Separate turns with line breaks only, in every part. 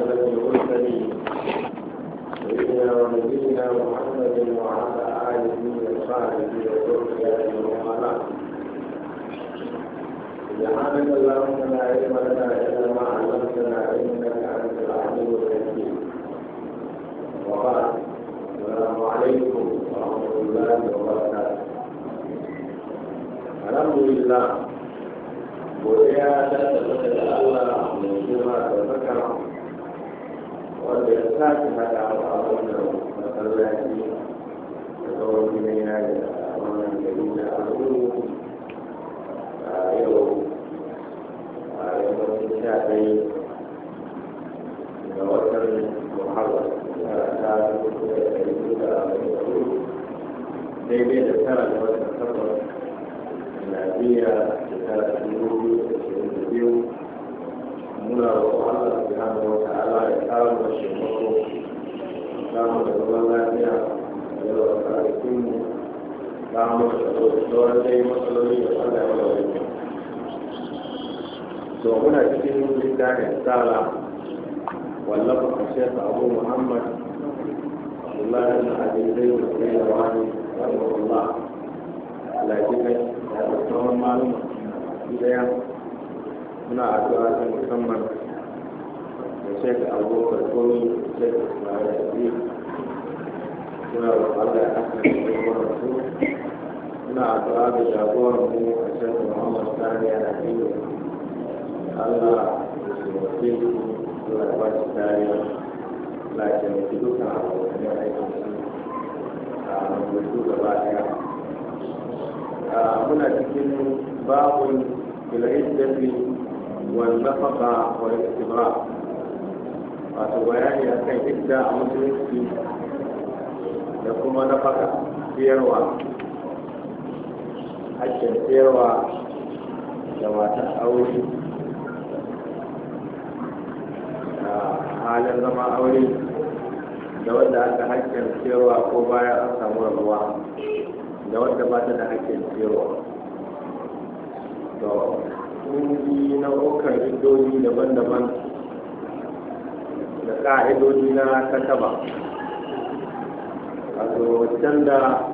أشرف سيدنا ونبينا محمد وعلى آله وصحبه وسلم سبحانك اللهم لا علم لنا إلا ما علمتنا إنك أنت العليم الحكيم وبعد السلام عليكم ورحمة الله وبركاته الحمد لله su kariya lafiya da dukkan abokan aikin su a mutu gaba daya muna cikin babun bilaidafi wal nafaka wani istibra wato bayani akan idda a musulunci da kuma nafaka siyarwa hakkin siyarwa da matan aure halin zama aure da wanda aka hakkin cewa ko bayan an samu rabuwa da wanda ba ta da hakkin cewa to kungi na ɗaukar idoji daban-daban da ka'idodi na kataba a can da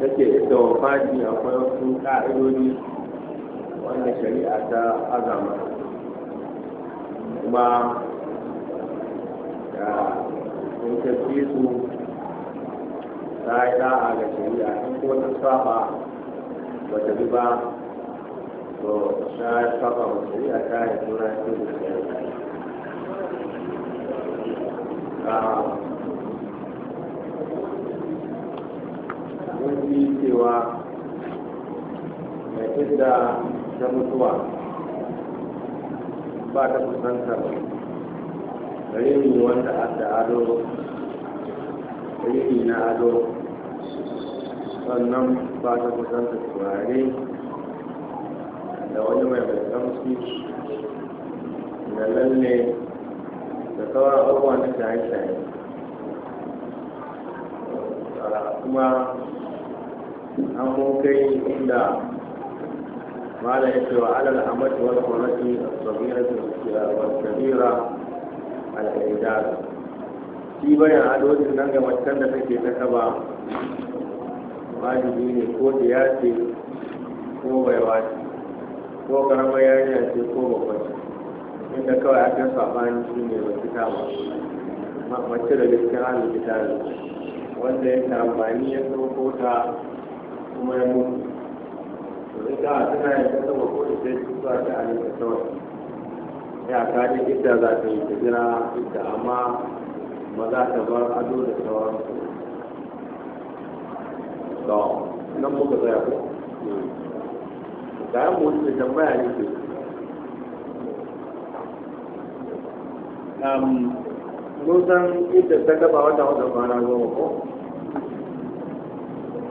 take ita wafaji akwai wasu ka'idodi wanda shari'a ta azama kuma in ka bi su ta yi da'a ga shari'a in ko ta saba ba ta bi ba to ta saba ba shari'a ta
yi tura ta bi mun yi cewa
mai inda ta mutuwa ba ta kusantar gare ni wanda adda ado rini na ado sannan ba ta kusanta turare da wani mai mai da lalle da sauran abubuwan da shaye-shaye kuma an mun kai inda mala ya ce wa alal amati wal kwanaki a sabira da sabira al-aidar shi bayan adodin nan ga macen da take ta kaba wajibi ne ko da ya ce ko bai wace ko karamar yarinya ce ko babban inda kawai aka sabani shi ne ba fita ba mace da gaskiya an fita ne wanda ya tambani ya ko ta kuma ya mutu to ita tana yin ta saba ko da sai zuwa ta alika kawai ya kaji idda za ta yi ta jira idda amma ba za ta bar ado da sauran to nan muka tsaya ko kayan mu da tambaya ne ke mun san idda ta gaba wata wata kwana goma ko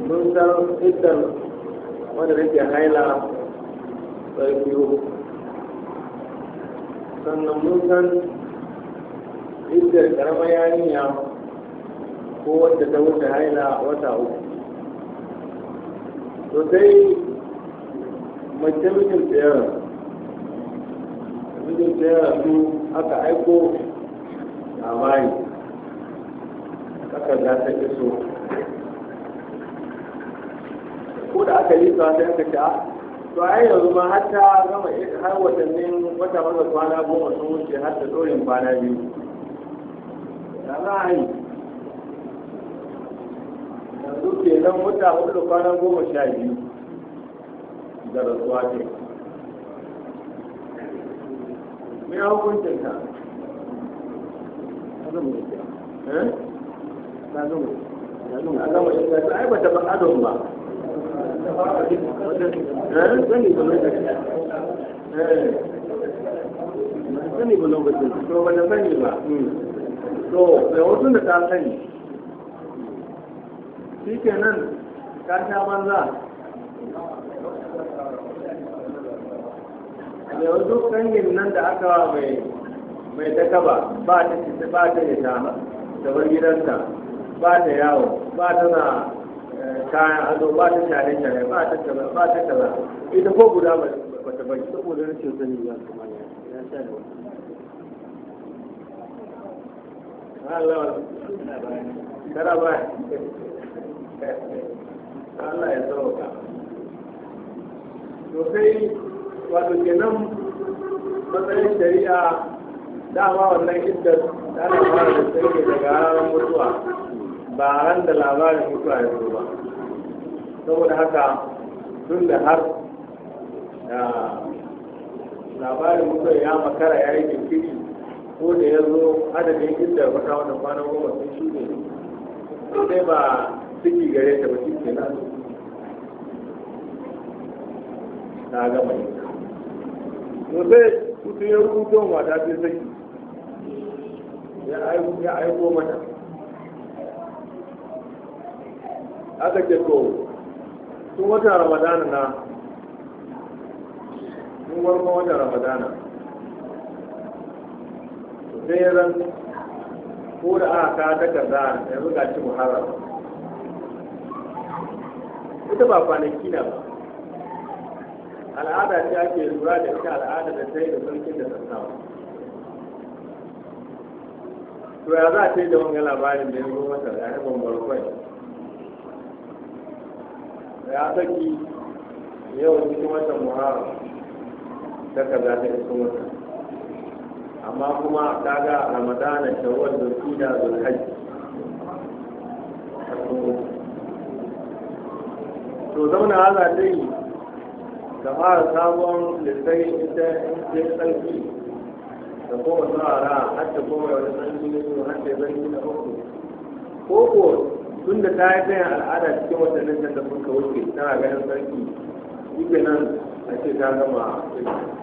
mun san idda wanda nake haila tsarki sannan mun san iddar karamar yarinya ko wadda ta wuce haila wata uku to sai mace mijin tsayar mijin tsayar su aka aiko labari
aka za ta iso
ko da aka yi sa sai aka a ah, to yi yanzu ma har ta gama har watannin wata wata kwana goma sun wuce har da tsorin kwana biyu ya yanzu ke nan wata hudu kwanan goma sha biyu da rasuwa ce me hukuncin ta bata ba ba eh? ba da sani ba to mai hutun da ta sani shi nan ta sha banza mai wasu kangin nan da aka mai mai ta kaba ba ta cita ba ta yata da bar gidanta ba ta yawo ba ta na eh, kayan ado ba ta share share ba ta kaza ba ta kaza ita ko guda ba ta bai saboda rashin sani ya kamar ya sha da wani tara ba Allah ya sauka to wato kenan matsayin shari'a dama wannan iddar tana labarin da sauke daga ranar mutuwa ba a ran da labarin mutuwa ya zo ba saboda haka tun da har ah, labarin mutuwa ya makara ya yi jinkiri ko da ya zo adadin inda wata wannan kwanan goma sun
shuɗe
sai ba ciki gare ta ba shi ke na ta gama yi to sai kusur ya rubuto mata sai saki ya aiko mata aka ce to tun wata ramadana na tun warkon wata ramadana tseren ko da aka kawo takarda yanzu ga ci muharram ita ba kwanaki na ba al'ada ce ake lura da ita al'ada da ta yi da sarkin da sassawa to ya za a ce da wani labarin da ya zo mata da ya bambarkwai ya saki yau cikin watan muharram takarda za ta iso wata. amma kuma kaga ramadana shawwal da zulhajj to zauna haza dai ka fara sabon lissai ita ita sarki da kuma tsara har ta kuma wani sarki ne su har ta zargi na uku ko ko tun da ta yi tayin al'ada cikin watannin da ta wuce tana ganin sarki shi nan a ce ta gama ilimi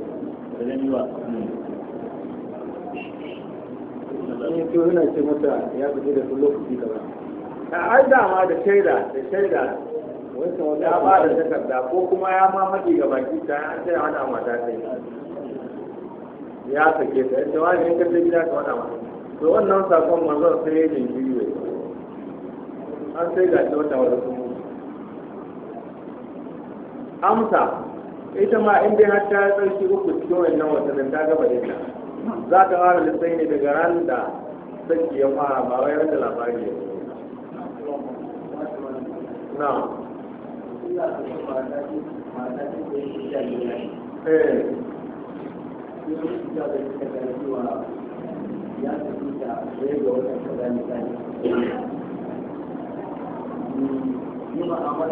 da zan yi wa ne to yana ce mata ya fito da lokaci kaza ai dama da shaida da shaida ya ba da takarda ko kuma ya ma maɗi ga baki ta an sai hada mata sai ya sake ta da wani yankan da gida ka wada mata to wannan sakon manzon sai ya jinkiri ne an sai ga ta wata wata kuma amsa ita ma in dai har ta tsarki uku cikin wannan watannin ta gaba ita za ta fara lissai ne daga ran da sarki ya fara ba wai wanda labari ya
na eh ya da
ɗaya ga watan da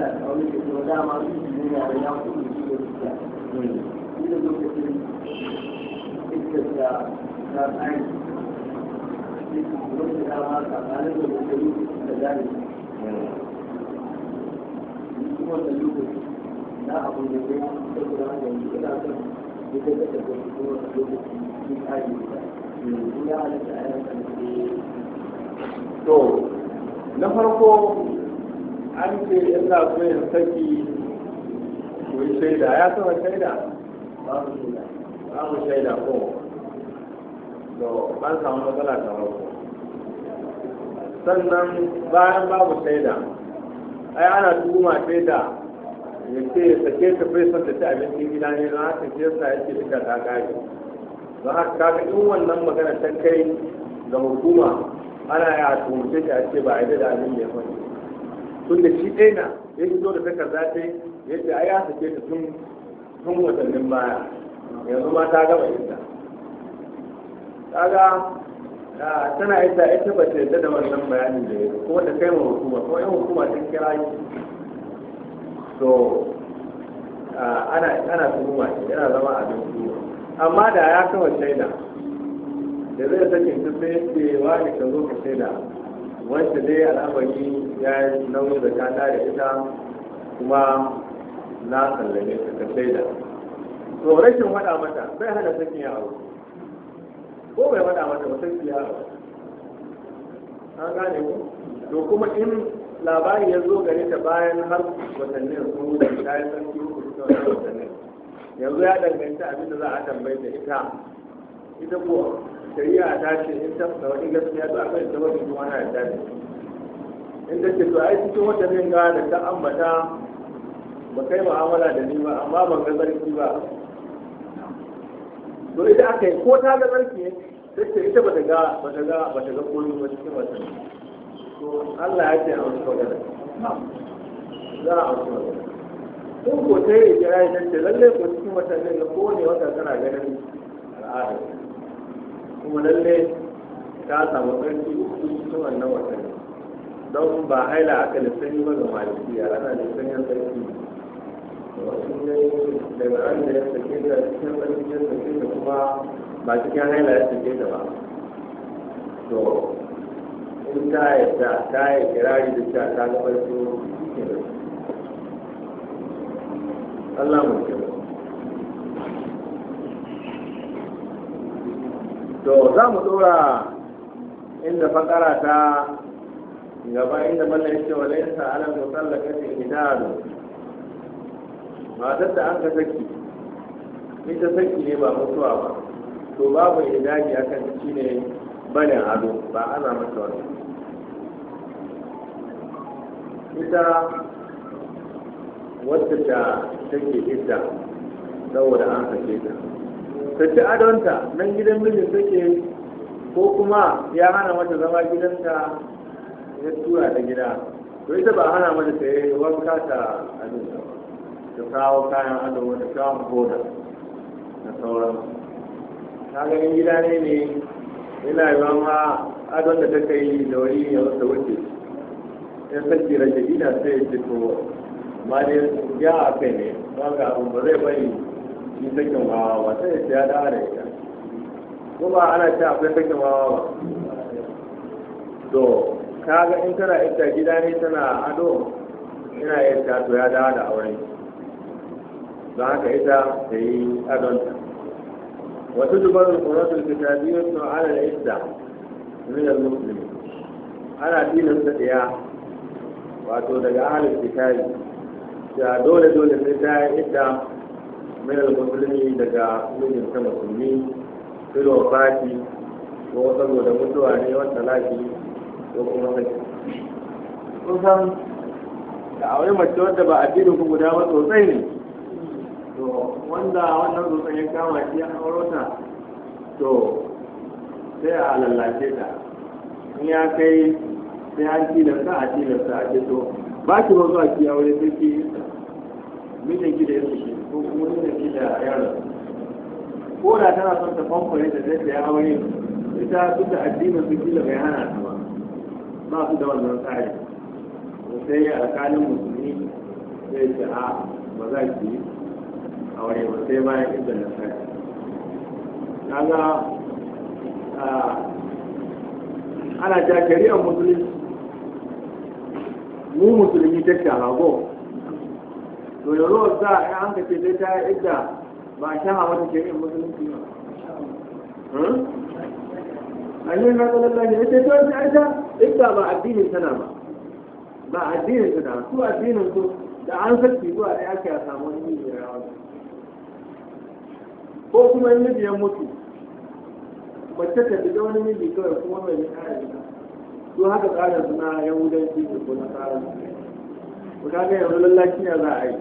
da ne
ya kuɗi to
na farko an ce yana so ya saki ku yi shaida ya saba shaida babu shaida babu shaida ko to an samu matsala ta farko sannan bayan babu shaida ai ana tuhuma shaida ya ce sake ta fai son ta abinci abincin gida ne don haka shi yasa yake duka ta gaji don haka kaga in wannan magana ta kai ga hukuma ana ya tuhumce a ce ba a yi da abin da ya faɗi tun da shi ɗaya na ya fito da takarda ta yi yace a ya sake ta tun tun watannin baya yanzu ma ta gaba idda kaga tana yadda ita ba ta yadda da wannan bayanin da ya kuma da kai ma hukuma ko yan hukuma ta kira yi to ana ana shi yana zama abin tuhuma amma da ya kawo shaida da zai sakin ta sai ya wani ka zo ka shaida wanda dai al'amari ya yi nauyi da ta da ita kuma na sallame ka ka shaida to rashin faɗa mata bai hana sakin ya aure ko bai faɗa mata ba sakin ya an gane ku to kuma in labari ya zo gare ta bayan har watannin sun wuce ta yi sarki uku ta watannin yanzu ya danganta abinda za a tambaye da ita ita ko shari'a ta ce in ta da wani gaskiya to akan ta wani kuma na yarda da in ta ce to ai cikin watannin ga da ta ambata ba kai mu'amala da ni ba amma ban ga zarki ba to ita aka yi ko ta ga zarki sai ita ba ta ga ba ta ga ba ta ga koyo ba cikin wata to Allah ya ce a wasu magana za a wasu magana ko ko ta yi jira ya ce lalle ko cikin wata ne ga kowane wata tana ganin al'ada kuma lalle ta samu ƙarfi uku cikin wannan wata don ba haila aka lissani ba ga malikiya ana lissanin ƙarfi daga an da ya da ya da ba cikin haila ya sake da ba to in ta yadda ta yi kirari da cewa ta da farko Allah mu ke to za mu dora inda fakara ta gaba inda mallan cewa laisa ala musallakati hidalu matar da an ka saki ita saki ne ba mutuwa ba to babu idani akan shi ne barin ado ba ana mata wani ita wadda ta take ita saboda an sake ta ta ci adonta nan gidan mijin take ko kuma ya hana mata zama gidanta ya tura da gida to ita ba hana mata ta yi wanka ta abin ba da kawo kayan ado da kawo hoda da sauran ta ganin gida ne ne yana yi ma adon da ta kai da wani ya wata wuce ya sake rage gida sai ya fito Ba ne ya a kai ne ba ga abu ba zai bari shi sakin wawa ba sai ya ya dawo da ita ko ba ana ce akwai sakin wawa ba to ga in tana ita gida ne tana ado ina yin tato ya dawo da aure don haka ita ta yi adonta wasu dubarun kuratul kitabiyar sun ala da idda min al-muslim ana filin ta ɗaya wato daga ahalin kitabi da dole dole sai ta yi idda min al-muslimi daga mijin ta musulmi filo fati ko saboda mutuwa ne wata lafi ko kuma saki kusan da aure mace wadda ba addinin ku guda ba sosai ne to wanda wannan dutsen ya kama shi ya auro ta to sai a lallace ta in ya kai sai an tilasta a tilasta a ce to ba ki ba zuwa ki aure sai ki mijin ki da ya suke ko kuma mijin ki da yaron ko da tana son ta famfare da zai ya aure ita duk da addinin su kila bai hana ta ba ba su da wannan tsari sai alkalin musulmi zai ce a ba za ki yi aure ba sai bayan idan na sai kaga ana ja shari'ar musulmi mu musulmi ta shahago to yanzu za a an ka ce zai hmm? ta idda ba a shaha wata shari'ar musulunci ba annin na tsanar da ya ce to yanzu sha, idda ba addinin tana ba ba addinin tana su addinin su da an sarki zuwa ya aka samu wani yi da rawa ko kuma miji biyan mutu mace ta bi wani mili kawai kuma mai yi kare ta su haka tsarin suna yahudanci da kuma tsarin ka gaya yanzu lallaci ya za a yi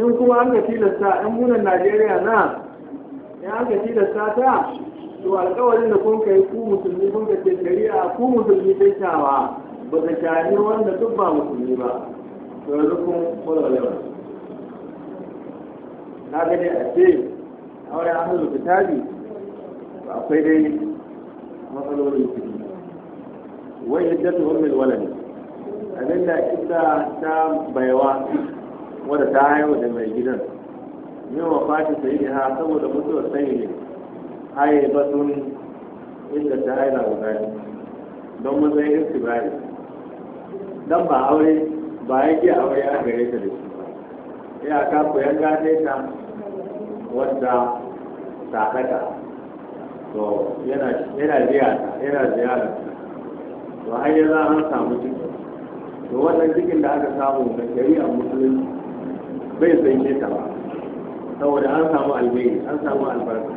in kuma an ga tilasta in munan najeriya na in an ga tilasta ta to alƙawarin da kun kai ku musulmi kun ka ce shari'a ku musulmi sai shawa ba ka shahi wanda duk ba musulmi ba to yanzu kun kwalwalewa na gani a ce auren ahlul kitabi akwai dai matsalolin ciki wai iddatu ummul walad abin da ita ta baiwa wadda ta haihu da mai gidan min wafati sayyidi ha saboda mutuwar sayyidi haye batun inda ta haila guda don matsayin istibari dan ba aure ba yake aure ya gare ta da shi ba ya ka koyan gane ta wadda sadaka to yana yana ziyara yana ziyara to har za an samu ciki to wannan cikin da aka samu na shari'a musulunci bai sai ta ba saboda an samu alheri an samu albarka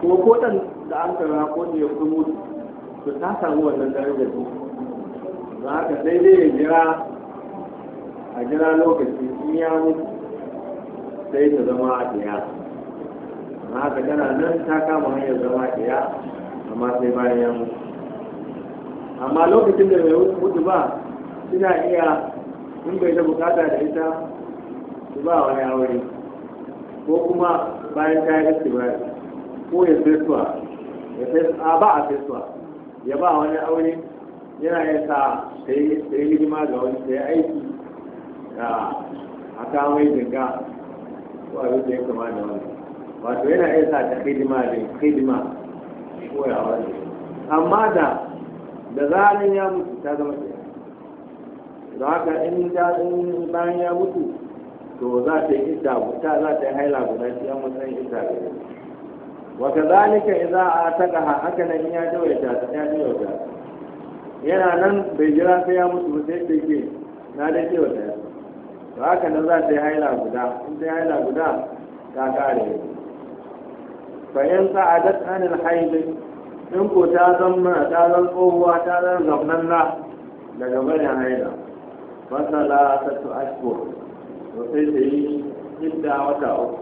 ko ko dan da an kara ko ne ya kuma to ta samu wannan darajar su don haka sai dai ya jira a jira lokaci in ya mutu sai ta zama a ɗaya na haka tana nan ta kama hanyar zama ɗaya amma sai bayan ya mutu amma lokacin da mai mutu ba suna iya in bai da bukata da ita su ba wani aure ko kuma bayan ta yi istibari ko ya
fesuwa
a ba a fesuwa ya ba wani aure yana yin sa ta yi hidima ga wani ta yi aiki a kawai jinka ko abin da ya kama da wani wato yana iya sa ta hidima da hidima koyawa ne amma da da zanen ya mutu ta zama ta da haka in da in bayan ya mutu to za ta yi ita ta za ta yi haila guda shi an matsayin yi ga yau wa kazalika a ataqaha haka nan ya ya ta ya dawaita yana nan bai jira sai ya mutu ba sai sai ke na da ya to haka nan za ta yi haila guda in ta yi haila guda ta kare yau fa'in sa'adat anil haidin in ko ta zama ta zan tsohuwa ta zan zamnanna daga barin haida fasala ta su ashko to sai ta yi hidda wata uku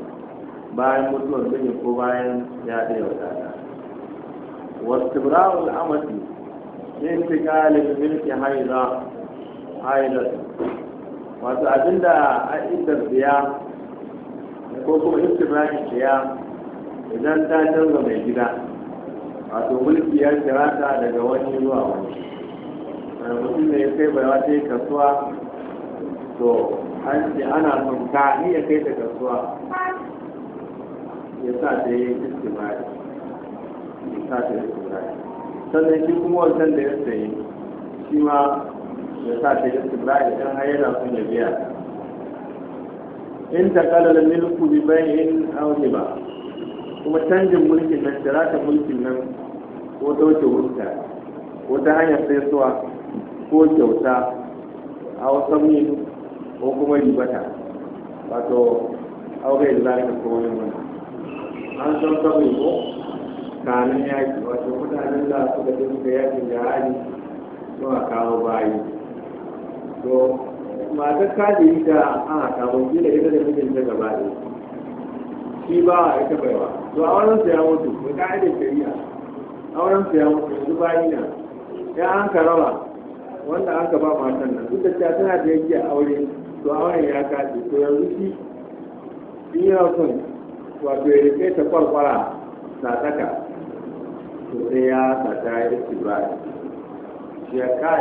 bayan mutuwar miji ko bayan ya ɗaya wata ta wasu bra'ul amati in fi galibin milki haida haidar wato abinda a idar ko kuma istimrani biya idan ta canza mai gida wato mulki ya kira ta daga wani zuwa wani mutum ne ya kai bai wata yi kasuwa to an ce ana son ka iya kai ta kasuwa ya sa ta yi istimari ya sa ta yi istimari sannan shi kuma wancan da ya sayi shi ma ya sa ta yi istimari don har yana son ya biya in ta kalala milku bi yin aure ba kuma canjin mulkin nan shirata mulkin nan ko dauke wuta ko ta hanyar sai suwa ko kyauta a wasan mu ko kuma ribata wato aure da zaka ko wani wani an san sabai ko kanin yaki wato mutanen da suka je suka yakin jihadi suna kawo bayi to ga kaji da ana kawo da ita da mijinta gaba ɗaya shi ba a ita baiwa to ya mutu mai ka'idar shari'a ya mutu yanzu bayi na ya an karaba wanda aka ba matan nan duk da cewa tana da yake aure to auren ya kace to yanzu shi shi son wato ya rike ta kwarkwara na saka to sai ya sata ya shi ya ta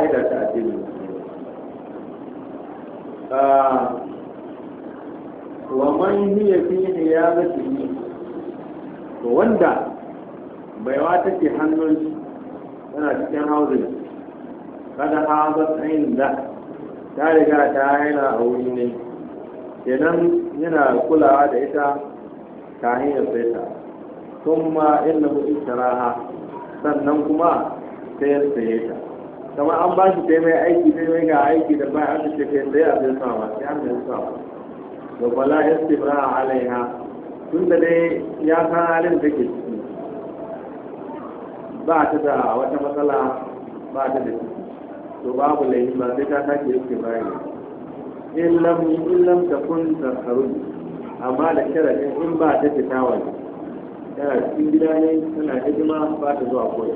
wa man hiya fi hiyazatihi to wanda baiwa take hannun shi tana cikin hauzin kada hazat ayin da ta riga ta yana a wuri ne kenan yana kulawa da ita ta hanyar sai ta kuma inna mutum sharaha sannan kuma sai ya saye ta kamar an ba shi sai mai aiki sai mai ga aiki da bayan an ce kai sai a sai sama sai an sai sama da bala ya stibra a alaiha tun da dai ya san halin da ke ciki ba ta da wata matsala ba ta da ciki to babu laifi ba sai ta take istibra ne in lam in lam takun tasarun amma da sharadin in ba ta fita waje tana cikin gida ne tana hidima ba ta zuwa koyi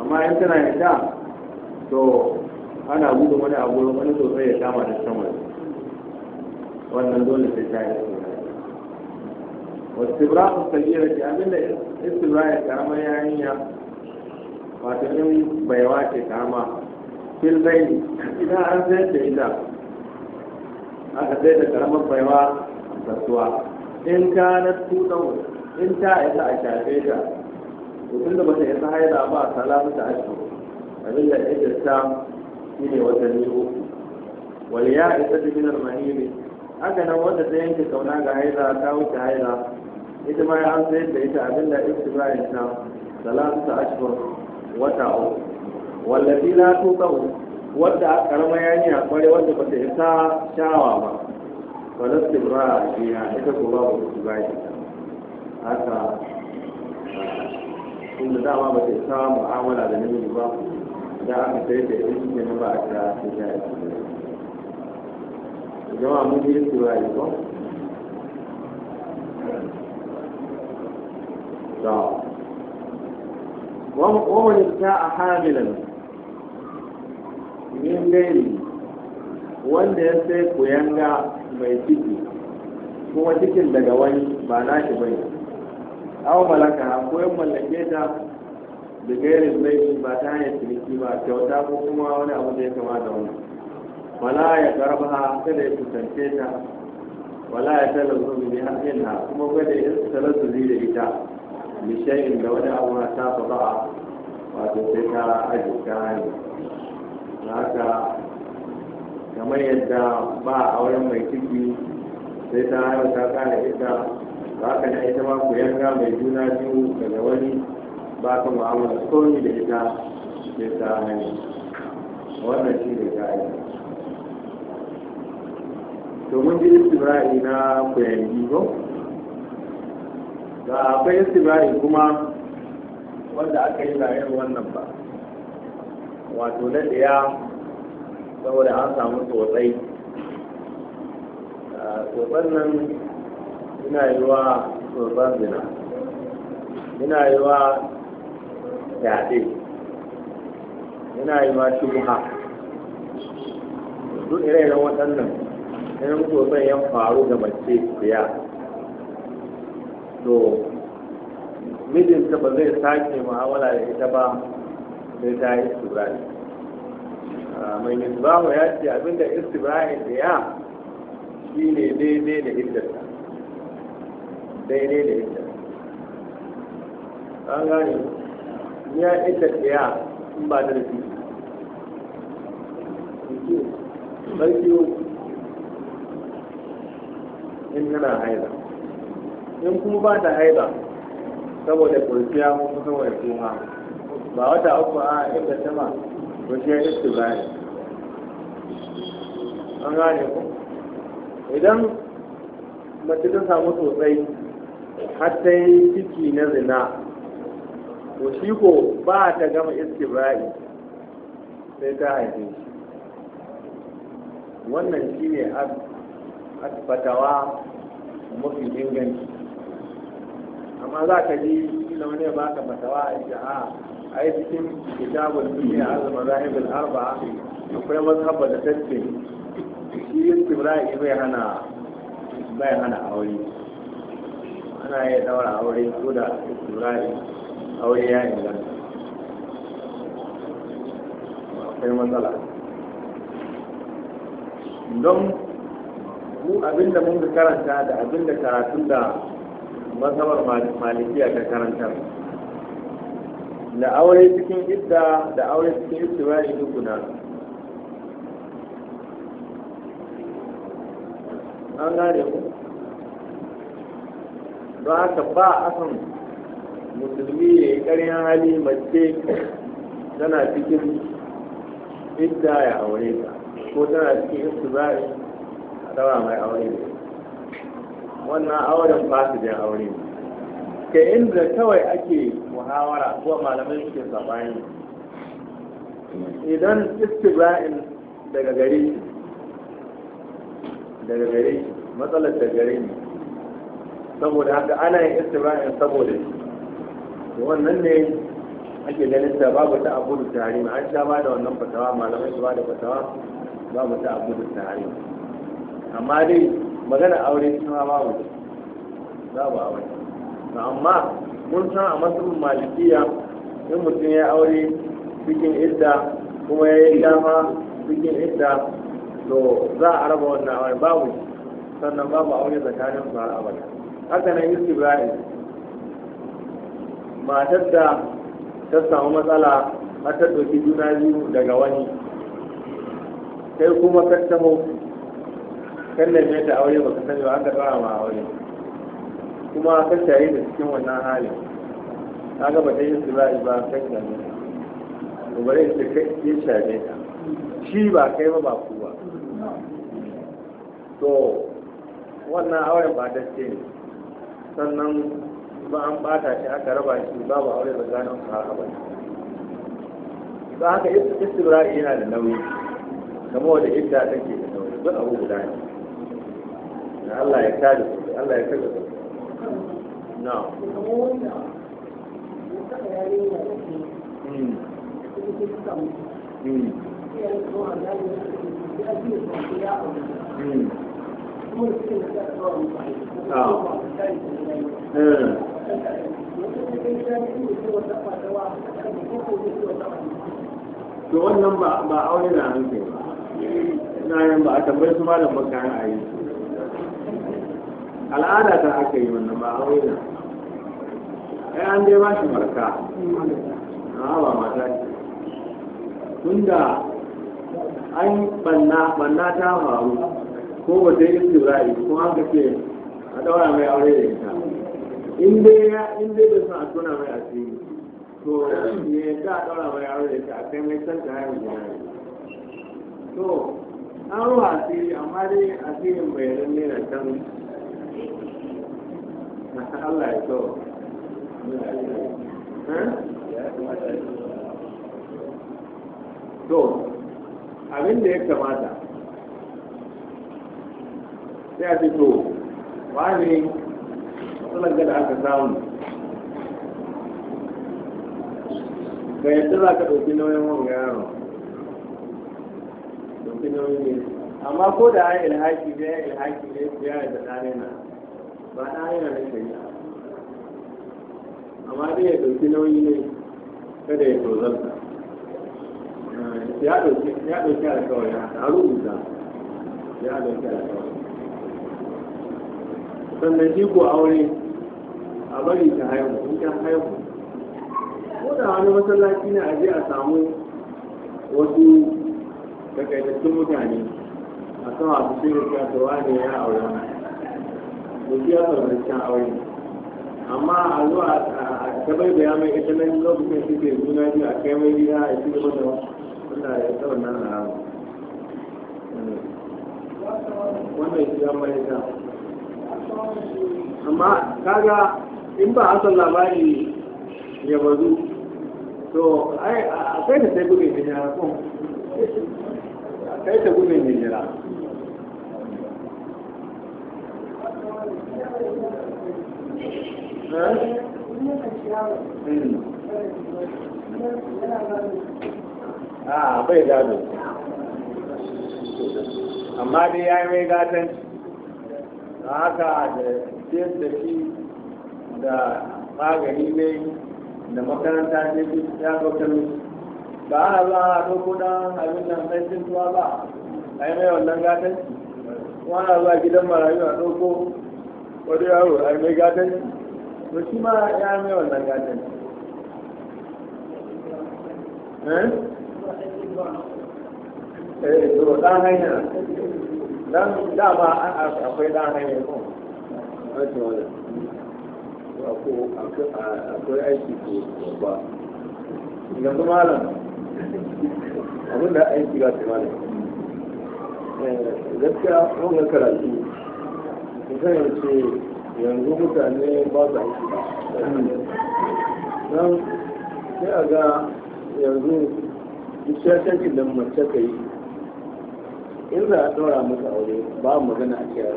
amma in tana yadda to ana gudun wani abu wani sosai ya kama da sama wannan dole sai ta yi wa tibra ku kalira ki amin da istibra ya kama yayinya wato yin baiwa ke kama fil bai idan an sai ke ila aka zai da karamar baiwa da suwa in ka na tutan in ta a isa a kyafe ta tutun da mace isa haida ba sala mata ashe abin da ita ta shi shine watanni uku wal ya isa ta binar mahimmi haka nan wanda ta yanke kauna ga haila ta wuce haila ita ma ya amsa yadda ita abinda istibahin ta salatu ta ashiru wata uku wallafi la tuqahu wadda a karama yi a kware wadda ba ta isa shawa ba ba a biya ita ko babu istibahin haka inda dama ba ta isa mu'amala da namiji ba da aka sai da ya ne ba a ta yi jama'a mun ji kura yi ko to wa man ta'a hamilan min gairi wanda ya sai kuyanga mai ciki kuma cikin daga wani ba na shi bai aw malaka ko ya mallake ta da gairin laifi ba ta hanyar ciniki ba kyauta ko kuma wani abu da ya kama da wannan wala ya garba kada ya kusance ta wala ya talazu yin ha kuma gwada ya zuri da ita bi da wani abu na ta fada wato sai ta aje kayan haka kamar yadda ba a auren mai ciki sai ta haihu ta kara ita ba ka na ita ma ku yanga mai juna biyu daga wani ba ka mu'amala komi da ita sai ta haihu wannan shi ne ta mun ji istibari na kuyayi ko ga akwai istibari kuma wanda aka yi bayan wannan ba wato na daya saboda an samu tsotsai tsotsan nan yana yi wa tsotsan zina yana yi wa fyaɗe yana yi wa shubha duk ire-iren waɗannan in sosan ya faru da mace siya to mijinta ba zai sake ma'amala da ita ba sai ta yi tsibirai mai nisbahu ya ce abinda istibrahi da ya shi ne daidai da iddarta daidai da iddarta an gani ya iddarta ya in ba da rikici in nuna haida in kuma ba ta haida saboda kurciya ko ya kuma ba wata uku a inda sama kurciya iske ba ne an gane ku idan mace ta samu sosai har ta yi ciki na zina to shi ko ba ta gama iske ba'i sai ta haife shi wannan shi ne fatawa mafi inganci amma za ka ji ina wani ya baka fatawa a ji a a yi cikin kitabun duniya azuma zahibul arba akwai mazhaba da tace shi istibra'i bai hana bai hana aure ana yi daura aure ko da yi aure ya inganta akwai matsala don mu abinda mun karanta da abinda karatun da mazhabar malikiya ta karanta da aure cikin idda da aure cikin istibari dukuna an gane ku don haka ba a musulmi ya yi ƙaryan hali mace tana cikin idda ya aure ta ko tana cikin istibari daura mai aure ne wannan auren fasidin aure ne ke inda kawai ake muhawara ko malamai suke sabani idan istibra'in daga gare daga gare shi matsalar da gare ne saboda haka ana yin istibra'in saboda shi wannan ne ake ganin da babu ta abu da tare an sha ba da wannan fatawa malamai su ba da fatawa babu ta abu da amma dai magana aure sun hawa waje za ba aure amma mun san a masarun malikiya in mutum ya aure cikin idda kuma ya yi dama cikin idda to za a raba wannan aure babu sannan babu aure tsakanin su har abada haka nan Ibrahim, matar da ta samu matsala har ta ɗauki juna biyu daga wani sai kuma ka taho kan ne ta aure baka sani ba an ba ma aure kuma ka shayi da cikin wannan halin ka ga ba ta su ba ba kai da ne to bare shi kai ya shaye ta shi ba kai ba ba ku ba to wannan auren ba da ce sannan ba an bata shi aka raba shi babu aure tsakanin su har abada ba haka istibra'i yana da nauyi kamar wanda idda take da nauyi duk abu guda ne Allah ya kare su Allah ya kare su
na hmm. hmm.
to wannan ba a wani na hankali ba ina yin ba a tambayi su malam bakayan a yi al'ada ta aka yi wannan ba aure na ai an dai ba shi marka a ba mata tunda an banna banna ta faru ko ba ta yi istibra'i ko an ka ce a daura mai aure da ita in dai ya in dai bai san a tona mai asiri to ya ta daura mai aure da ita a kai mai san ta haihu jihari to an ruwa asiri amma dai asirin bai lalle na can Allah ya kawo to abin da ya kamata sai a ce to ne matsalar da aka samu ga yadda za ka ɗauki nauyin wani yaro ɗauki nauyin ne amma ko da ya ilhaki ne ya ilhaki ne ya yi da ɗanina ba da yana da shari'a amma dai ya ɗauki nauyi ne kada ya tozarta eh, ya ɗauki ya ɗauki alkawari a rubuta ya ɗauki alkawari sannan shi ko aure a bari ta haihu in ta haihu ko da wani masallaci ne a je a samu wasu takaitattun mutane a sama su shirya ta ne ya aure ya farmakin aure amma a zuwa a gabar da ya mai ita nan lokacin shi juna biyu a kai mai gida a ci wanda ya tsawon nan na hawa wannan shi ya mai ita amma kaga in ba a san labari ya bazu to akwai da sai gudun hijira ko
kai ta gudun hijira a bai gado
amma dai ya yi mai gatan da haka da siyar da shi da magani ne da makaranta ne ya ɗaukar ba ana zuwa a ɗauko ɗan abin da mai cintuwa ba a yi mai wannan gatan wani zuwa gidan marayu a ɗauko wani yaro a yi mai gatan to shi ma ya mai wannan gadon eh, eh to dan hanya dan dama akwai dan hanya ko wato wato akwai aiki ko ba yanzu malam abin da aiki eh, ga su malam gaskiya wanga karatu zai ce yanzu mutane ba su aiki don sai a ga yanzu shashakin da mace ka yi in za a ɗora masa aure ba magana a ce a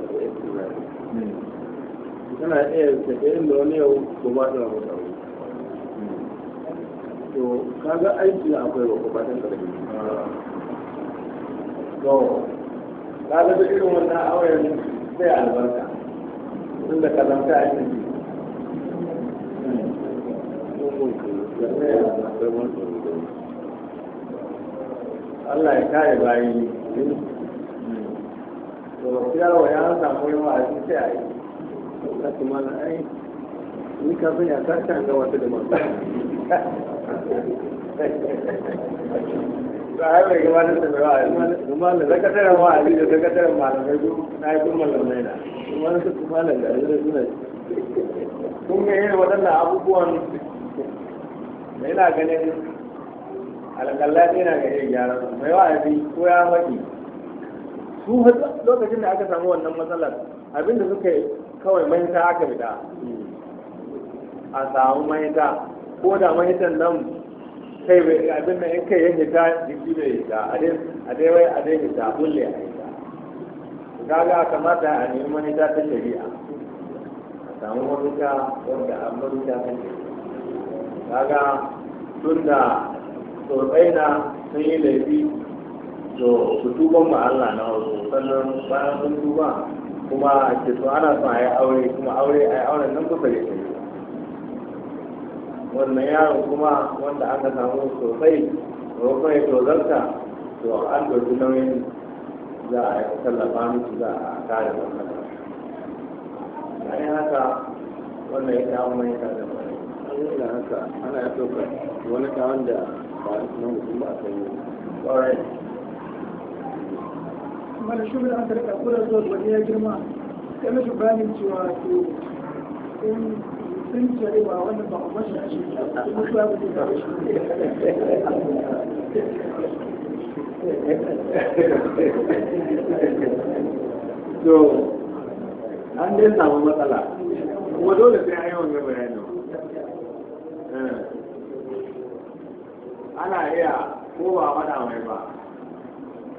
tana iya tafiya inda wani yau ko ba ɗora masa aure to kaga aiki akwai wa kubatan karfi to kaga da irin wannan auren sai albarka tun da kazanta a yi Allah ya kare bayi da wasu yawo ya samu yawa a cikin a yi ta kuma na ai ni kafin ya sashi ga wata da masu ba ai bai gabatar da a yi. kuma da zakataren wa'azi da zakataren malamai na yi kuma malamai na kuma na su malam da azura suna kun ga irin waɗannan abubuwan da yana ganin alƙalla ne yana ga irin gyara mai wa'azi ko ya faɗi su lokacin da aka samu wannan matsalar abinda suka yi kawai mahita aka fita a samu mahita ko da mahitan nan kai bai abin da in kai ya hita jiki bai hita a dai wai a dai hita bulle a hita kaga kamata a nemi wani ta ta shari'a a samu mafita wanda a mafita ta shari'a kaga tun da tsotsai na sun yi laifi to su tuban ma Allah na wasu sannan bayan sun tuba kuma a ce ana son a yi aure kuma aure a yi auren nan kusa da kai wannan yaron kuma wanda aka samu sosai roƙon ya tozarta to an ɗauki nauyin za a tallafa musu za a kare wannan bayan haka wannan ya kawo mai kare mai an haka ana ya ɗauka wani kawon da ba na mutum ba a kai ne ƙwarai mana shi an tarka kura zuwa wani ya girma ya mashi
bayanin cewa to to
an dai samu matsala kuma dole sai an yi wanga bayanin eh. ana iya ko ba faɗa mai ba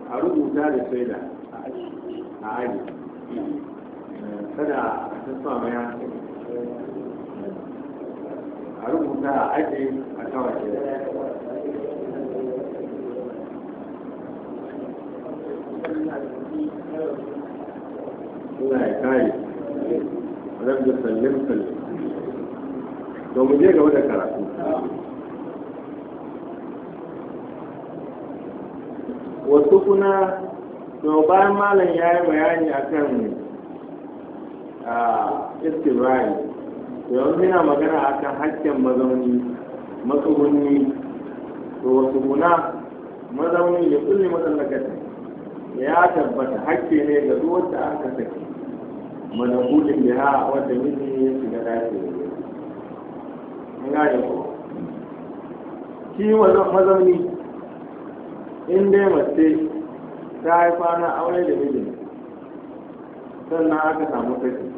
a rubuta da shaida a aji eh, kada a tattwa mai hankali a rubuta a
aje a tawaje
suna ya kare rabbi sallim sallim to mu je gaba da karatu wasu kuna to bayan malam ya yi bayani akan kan ah, istirai to yanzu yana magana akan hakken mazauni matsugunni to wasu guna mazauni ya kulle matsalakata ya tabbata hakke ne ga duk wanda aka saki da biha wanda miji ya shiga dace ina yi ko shi mazauni in dai mace ta haifa na aure da mijin sannan aka samu saki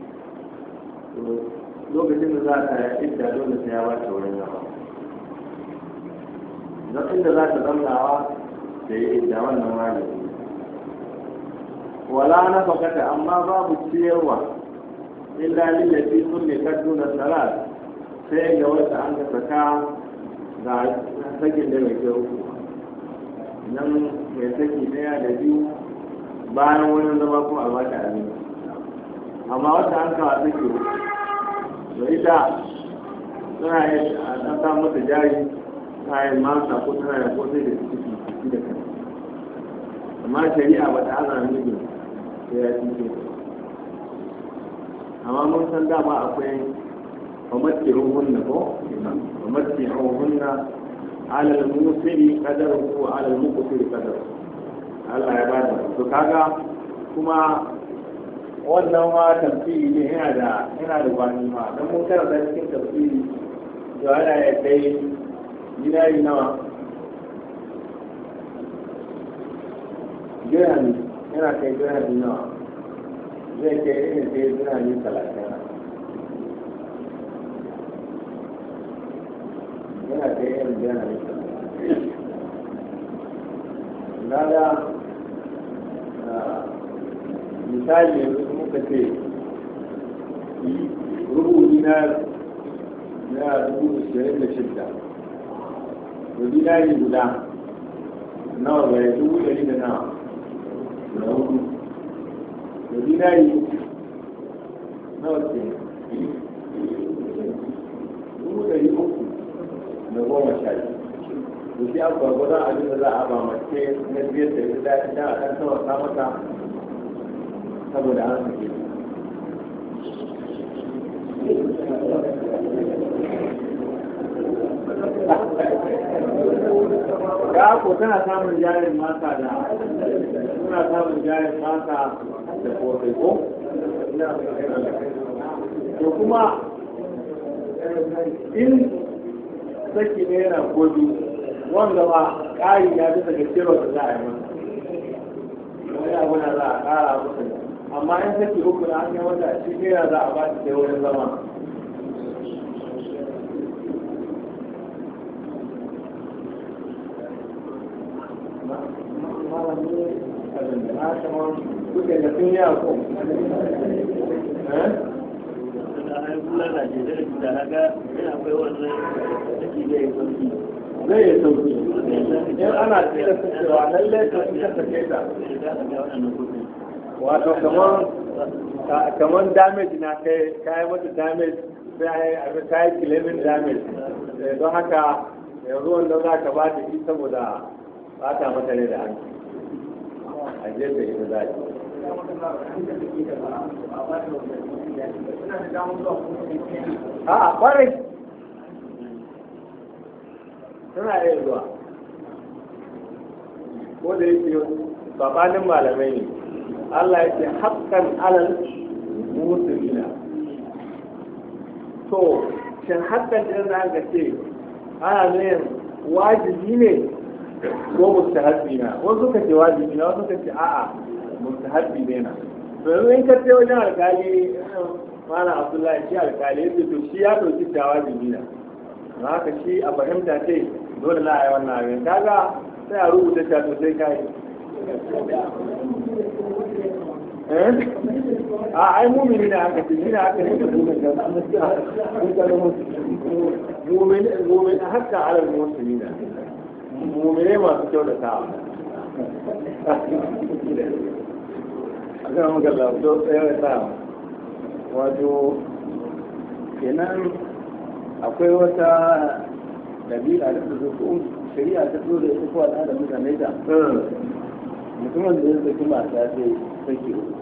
lokacin da za a ya da dole sai ya ba ta wurin zama don inda za ta zannawa da ya idda wannan wani wala na fakata amma babu ciyarwa illa fi sun ne kaddu na salat sai ga wata an ka saka ga sakin da mai kyau nan mai saki daya da biyu bayan wani zama kuma a bata amma wata an kawo sakin da ita tana yi a ɗan samun mata jari ta yi masa ko tana yi ko sai da ciki da kai amma shari'a ba ta ana nufin da ya cike amma mun san dama akwai famatke hunna ko famatke hunna alal musiri kadar ko alal mukusiri kadar Allah ya bada to kaga kuma wannan ma tafiye ne yana da yana da wani ma don mun da cikin tafiye to ana ya kai dinari nawa dirhami yana kai dirhami nawa zai kai irin sai dirhami talatin yana kai irin dirhami talatin na da ah, misali yanzu suka ce rubuci na dubu ishirin da shidda da dinari guda nawa ga dubu ɗari da nawa da hudu da dinari
nawa ce dubu ɗari uku
da goma sha biyu da shi abubuwa gwada abin da za a ba mace na biyar da ita da a kan sama samata saboda an sake ya ko tana samun jarin mata da suna samun jarin mata da to kuma in saki ne yana gobi wanda ba ƙari ya fi cewa da za a yi
masa
wani abu na za a ƙara masa amma in take uku na hanyar wata shi kira za a ba ta sai wurin zama
Kuke da sun yi ko?
Zai yi ana ta fi
wato kamar kamar
damage na kai kayan mata damage sai a yi kayan kilimin damage eh, don haka yanzu wanda za ka ba ta shi saboda ba ta mata ne da hanki a jefe ita za ki a kwarai suna iya zuwa ko da yake babanin malamai ne Allah ya ce haƙƙan alal musulmina to shin haƙƙan ɗin za ka ce ana ne wajibi ne ko mustahabbi na wasu ka ce wajibi na wasu ka ce a'a mustahabbi ne na to yanzu in ka ce wajen alkali mana abdullahi shi alkali ya to shi ya ɗauki ta wajibi na don haka shi a fahimta ce dole na a yi wannan abin kaga sai a rubuta ta to sai kai.
Eh? a ah, ai mumini na
haka ce na haka ne da mumini da mumini mumini hatta alal muslimina mumini masu kyau da ta'a akan magana to tsayar da ta'a wato kenan akwai wata dabi'a da ta zo shari'a ta zo da ita ko al'adar mutane da hmm. mutumin da ya zaki mata sai saki sai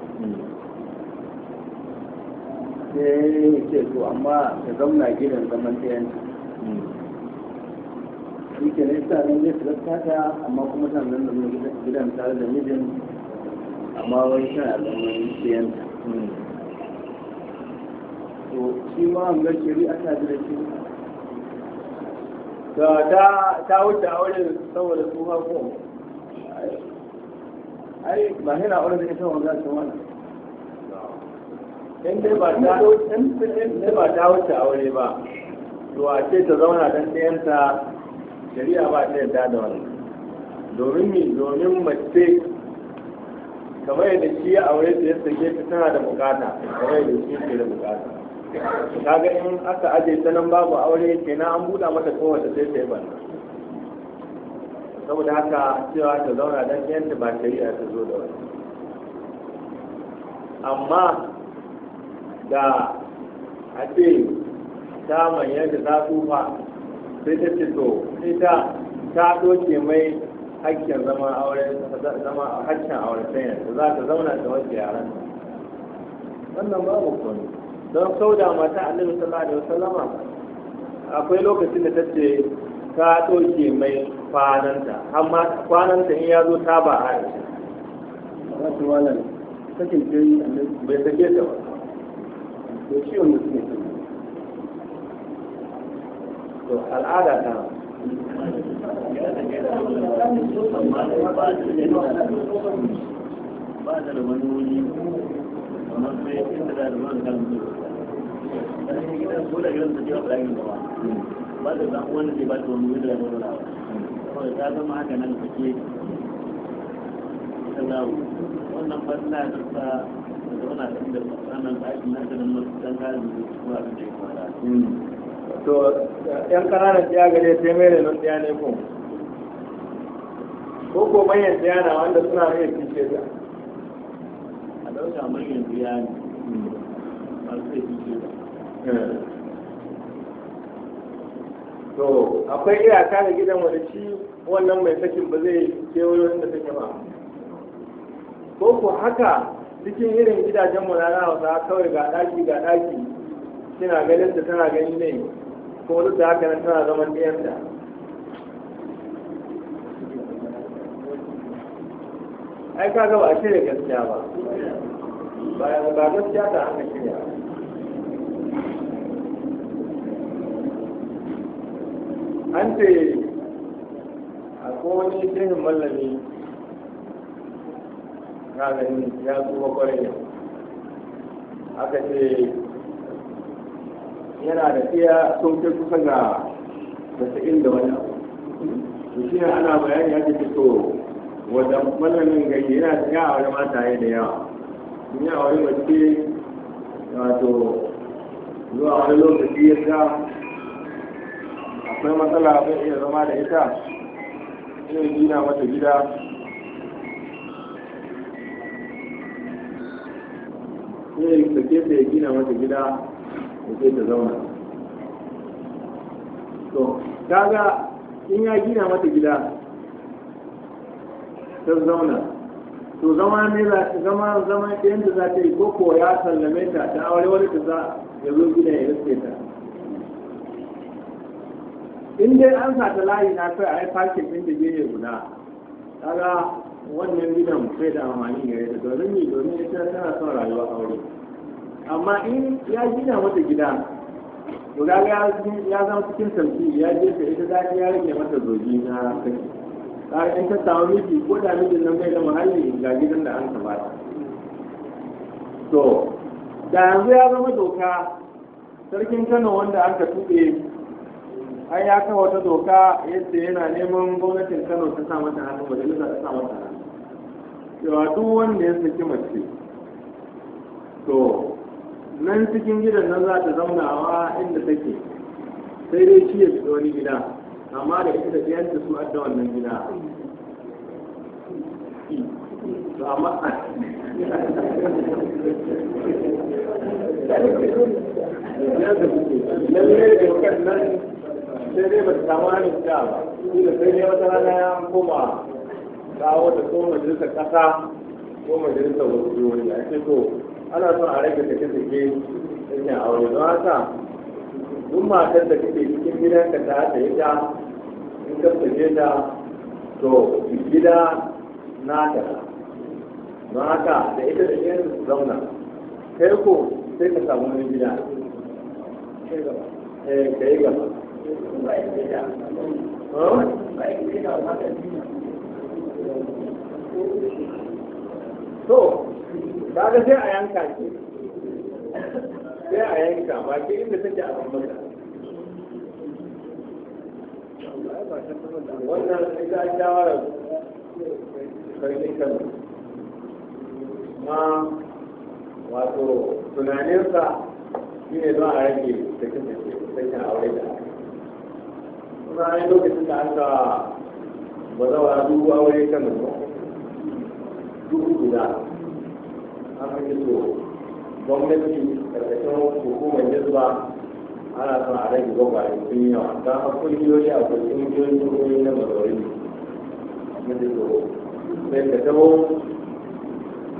ce to amma ta zauna gidan zaman ɗayan shi ke na isa nan zai filasta ta amma kuma ta nan da gidan tare da mijin amma wani tana zaman ɗayan to shi ma an ga shari'a ta da shi ta wuce a wurin saboda su ai ba yana aure da ita wanda ta wannan in dai ba ta in dai ba ta wuce aure ba to a ce ta zauna dan ɗayanta shari'a ba ta yarda da wani. domin mi domin mace kamar yadda shi ya aure da ya sake ta tana da bukata kamar yadda shi ke da bukata kaga in aka aje ta nan babu aure kenan an buɗa mata kowace sai ta yi banna saboda haka cewa ta zauna don yadda ba shari'a ta zo da wani amma da a ce ta manyanta ta tsufa sai ta ce to ita ta doke mai hakkin zama aure zama hakkin aure sai ta za ta zauna da wani yaran wannan babu komai don sau da mata annabi sallallahu alaihi wasallama akwai lokacin da tace ka ɗauke mai kwananta amma kwananta in ya zo ta ba a yi wasu wannan sakin yi. bai sake ta ba to shi wanda suke to al'ada ta ba
da kamar sai inda
da gidan ko da gidan su ba da san wanda ke ba ta wani wanda ya ba da kawai ta zama haka nan take ta zawo wannan falla ta sa da zauna da inda ranar ɗaki na da nan dan kayan da zuwa da ya fara hmm. to yan ƙananan tsaya gare sai mai renon tsaya ne ko ko ko manyan tsaya na wanda suna mai fice da a ɗauka manyan tsaya ne hmm.
ba su fice da to akwai
iyaka da gidan wani shi wannan mai sakin ba zai kewayo inda take ba ko ko haka cikin irin gidajen mu na hausa kawai ga daki ga daki kina ganin ta tana ganin ne ko duk da haka nan tana zaman ɗayan da ai ga ba a shirya gaskiya ba ba gaskiya ta haka shirya an ce a kowane shirin mallami na gani ya zuwa kwarai aka ce yana da iya sun kai kusa ga tasa'in da wani
abu
shi ana bayani ya ce fito wadda mallamin gari yana da a wani mataye da yawa in a wani mace wato zuwa wani lokaci ya sa akwai matsala zai iya zama da ita zai gina mata gida zai sake ta ya gina mata gida da sai ta zauna to kaga in ya gina mata gida ta zauna to zama ne zama zama yadda za ta yi ko ya sallame ta ta aure wani ta za ya zo gina ya riske ta in dai an sa ta layi na kai a yi fakin ɗin da gehe guda kaga wannan gidan sai da amfani gare ta domin ne domin ita tana son rayuwa aure amma in ya gina mata gida to ga ya zama cikin tamfi ya je ta ita za ta ya rage mata zoji na kai kaga in ta samu miji ko da mijin nan bai da muhalli ga gidan da an saba to da yanzu ya zama doka sarkin kano wanda aka tuɓe ai ya kawo wata doka yadda yana neman gwamnatin kano ta sa mata hannu majalisa ta sa mata hannu cewa duk wanda ya saki mace to nan cikin gidan nan za ta zauna a inda take sai dai shi ya fi wani gida amma da ita da biyanta su adda wannan gida
to amma ya da kuke lalle da kan nan sai dai ba
ta samu hannun sha ba da sai ne wata rana ya koma kawo da ko majalisar kasa ko majalisar wasu jihohi a ce to ana son a rage take take cikin aure don haka duk matar da kake cikin gidan ka ta yi ta in ka sake ta to gida na ta don haka da ita da yanzu su zauna kai ko sai ka samu wani gida eh, ka yi gaba so ba ga sai a yanka ce sai a yanka ba ke inda take a bambata
wannan sai ita shawarar sarki
kan ma wato tunaninsa shi ne za a rage da kasance sakin aure da aka kuma a lokacin da aka bazawa duk aure kan nan duk guda an fi so gwamnati karkashin hukumar jizba ana son a rage gwagwaye sun yawa don a kungiyoyi a kungiyoyin kungiyoyi na mazaurin na jizba sai ka tabo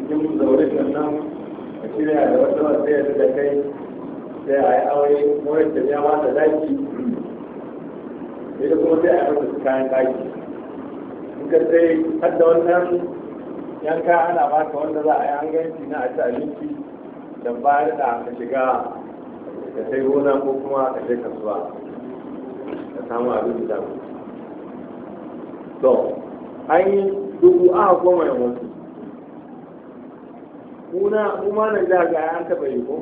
cikin zaurin nan a shirya da wata wasu ya kai sai a yi aure wurin da ya mata zaki da kuma sai a mata kayan daki in ka sai har da wannan yanka ana baka wanda za a yi hanganci na a ci abinci da bayar da ka shiga ka sai gona ko kuma ka je kasuwa ka samu abin da to an yi dubu a koma yin wasu kuna kuma na ja ga an taɓa yi ko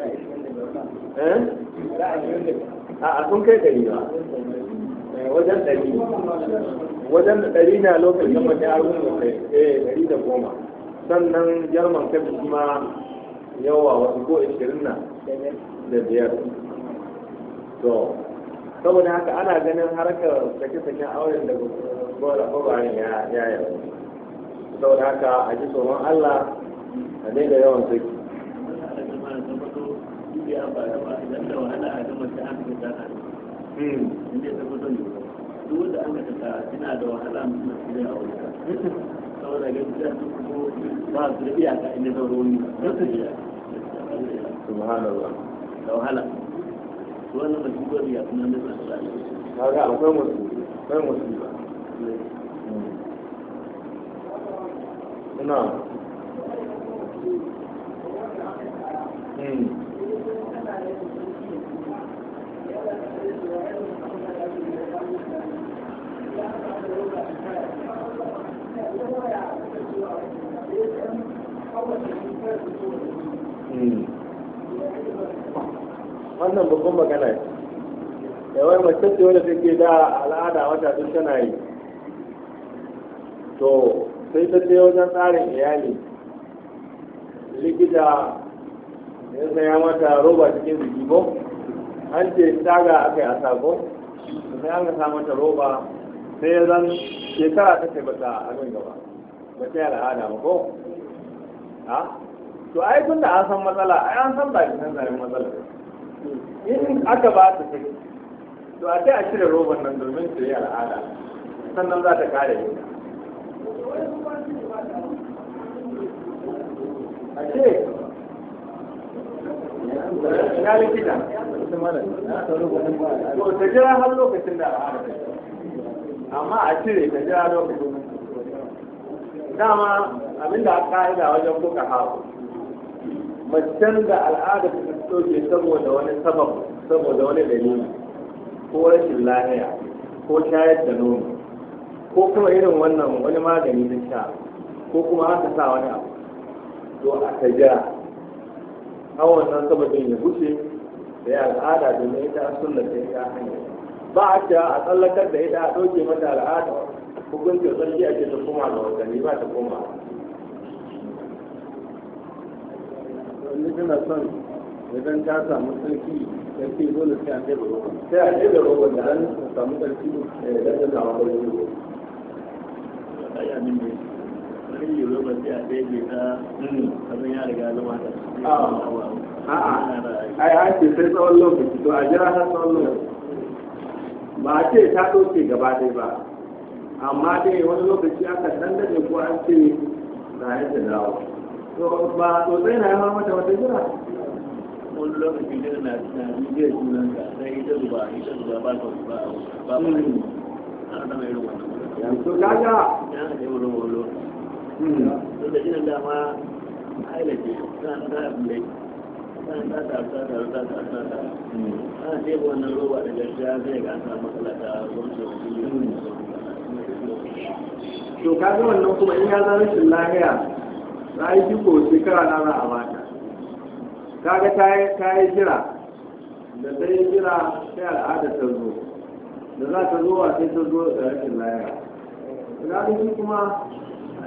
eh?
a sun kai gari ba Eh, wajen ɗari wajen ɗari na lokacin mace arzikin sosai eh ɗari da goma sannan jarman kafin kuma yawa wasu ko ishirin na da biyar to saboda haka ana ganin harkar sake-saken auren da gwagwarin ya yaya saboda haka a ji tsoron allah a daidai yawan saki. da Eh. inda ina da wahala
da Hmm.
wannan babban magana ce yawai mace ce wadda take da al'ada wata duk tana yi to sai ta ce wajen tsarin iyali likita ya saya mata roba cikin jiki ko an ce taga aka yi a sako sai an samu ta roba sai ya zan shekara ta ce bata abin gaba ba ta yi al'ada ba ko ha to ai tun da an san matsala ai an san ba ki san zarin matsala in aka ba ta ce to a sai a cire roban nan domin ta yi al'ada sannan za ta kare ni
a ce ina likita to ta jira har lokacin da
amma a cire ta jira lokacin dama abinda a ka'ida wajen buka hawa macen da al'ada ta soke saboda wani sabab saboda wani dalili ko rashin lahiya ko shayar da nono ko kuma irin wannan wani magani na sha ko kuma haka sa wani abu to a ta jira hawan sabbin ya wuce da ya al'ada domin ita an sunnata ita hanyar ba a cewa a tsallakar da ita a ɗauke mata al'ada hukuncin sarki ake ta koma da watanni ba ta koma wani tana son idan ta samu sarki sarki dole sai a kai da roba sai a kai da roba da an samu sarki eh, da ya dace ta samu sarki bari ne roba sai a ɗaya ta abin ya riga zama da a'a ai ake sai tsawon lokaci to a jira har tsawon lokaci ba a ce ta ɗauke gaba ɗaya ba amma dai wani lokaci aka dandade ko an ce na yadda dawo to ba sosai na yawa mata wata jira wani lokaci da na tunani zai sunan ka sai ita zuba ita zuba ba ta ba ba ba ba ba ba ba ba ba ba ba ba ba ba ba don da ginin dama hailace suna ta abulai suna ta ta ta ta ta ta ta ana ce wannan roba da gaskiya zai ga an samu matsala ta
gwamnati
to kaga wannan kuma in ya zama rashin lahiya na yi jiko shekara na za a bata kaga ta yi jira da ta yi jira sai al'ada ta zo da za ta zo a sai ta zo da rashin lahiya na kuma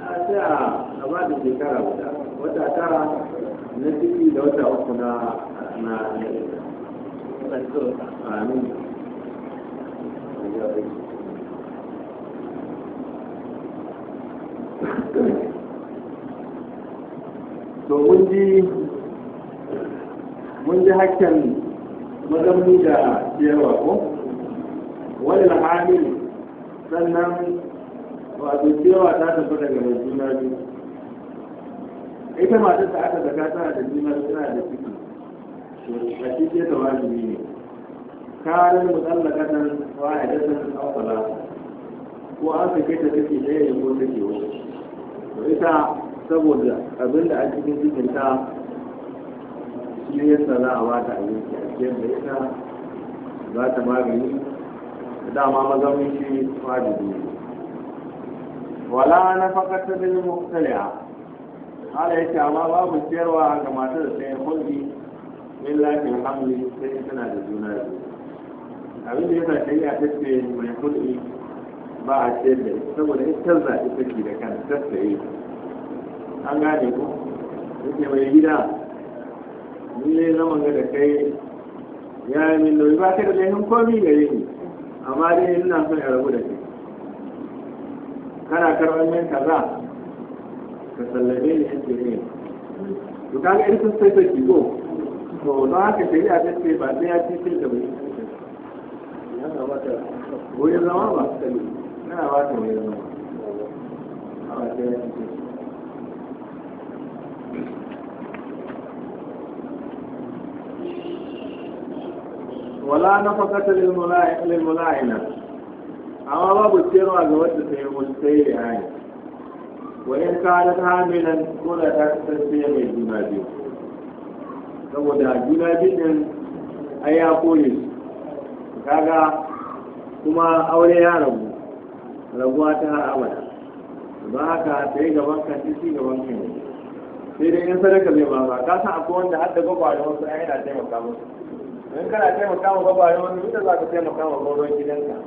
a sai a ba da shekara guda wata tara na ciki da wata uku na
na amin to mun ji
mun ji hakkan mazamni da ciyarwa ko wani lahamin sannan wato cewa ta tafi daga mai juna biyu ita matar da aka zaka tana da juna suna da ciki to a cikin ta wajibi ne karin mutallakatan wahidatan aw talaka ko an sake ta take ɗaya ne ko take wani to ita saboda abin da a cikin cikin ta shi yasa za a bata abinci a cikin da ita za ta magani da dama mazamin shi wajibi ne wala na fakata da yin muktaliya hala yake amma babu ciyarwa ga matar da sayan hulɗi min fil hamli sai tana da juna biyu abin da yasa shari'a ta ce mai hulɗi ba a ce da ita saboda ita zaɓi take da kan tattaye an gane ko yake mai gida ni ne zaman ga da kai ya yi min nauyi ba ka da laifin komi gare ni amma dai ina son ya rabu da kai kana karɓar kaza ka sallame ni ake ne to kaga in sai saki to don haka shari'a ta ce ba sai ya ci sai da wani wurin zama ba kana ba ta wurin zama ba sai ya ci ولا نفقة للملاعنة amma babu cewa ga wanda ta yi musu sai da hanyar wayan kada ta hamilan ko da ta kasance mai juna biyu saboda juna biyu din ai ya koye kaga kuma aure ya rabu rabuwa ta har abada Ba haka ta yi gaban ka ci gaban ka ne sai dai in sadaka zai ba ka san akwai wanda har da da wasu ai yana taimaka musu in kana taimaka ma da wasu ita za ka taimaka ma gwagwarin gidanka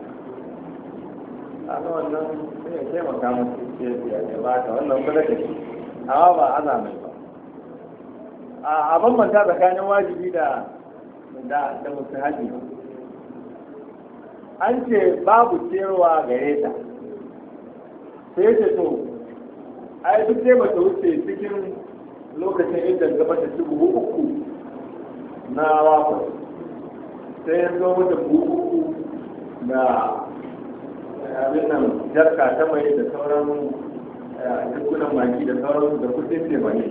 a ga wannan sai ya taimaka musu
ce ya ba ka wannan kula
da shi amma ba ana mai ba a bambanta tsakanin wajibi da da da musu haji an ce babu cewa gare ta sai ce to ai duk sai ba wuce cikin lokacin inda gaba ta ci buhu uku na wakon sai ya zo mata buhu uku na abin nan jarka ta mai da sauran eh, dukkanin maki da sauran da kudin ne ba ne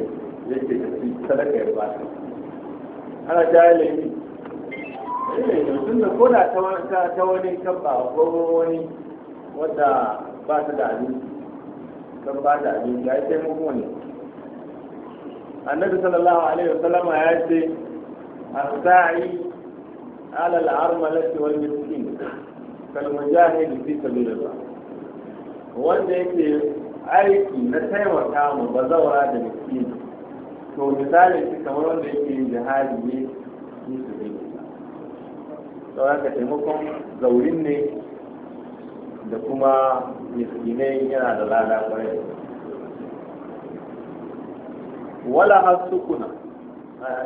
yake da su sadaka ya ba ana jaya laifi tun eh, da ko da ta wani kabba ko wani wadda ba ta da abinci kan ba da abinci ya yi taimako ne annabi sallallahu alaihi wasallam ya ce as-sa'i ala al-armalati wal miskin kalmujahid fi sabilillah wanda yake aiki na taimaka mu bazawara da miskini to misali shi kamar wanda yake yin jihadi ne fi sabilillah to haka taimakon zaurin ne da kuma miskinai yana da lada kwarai wala hasukuna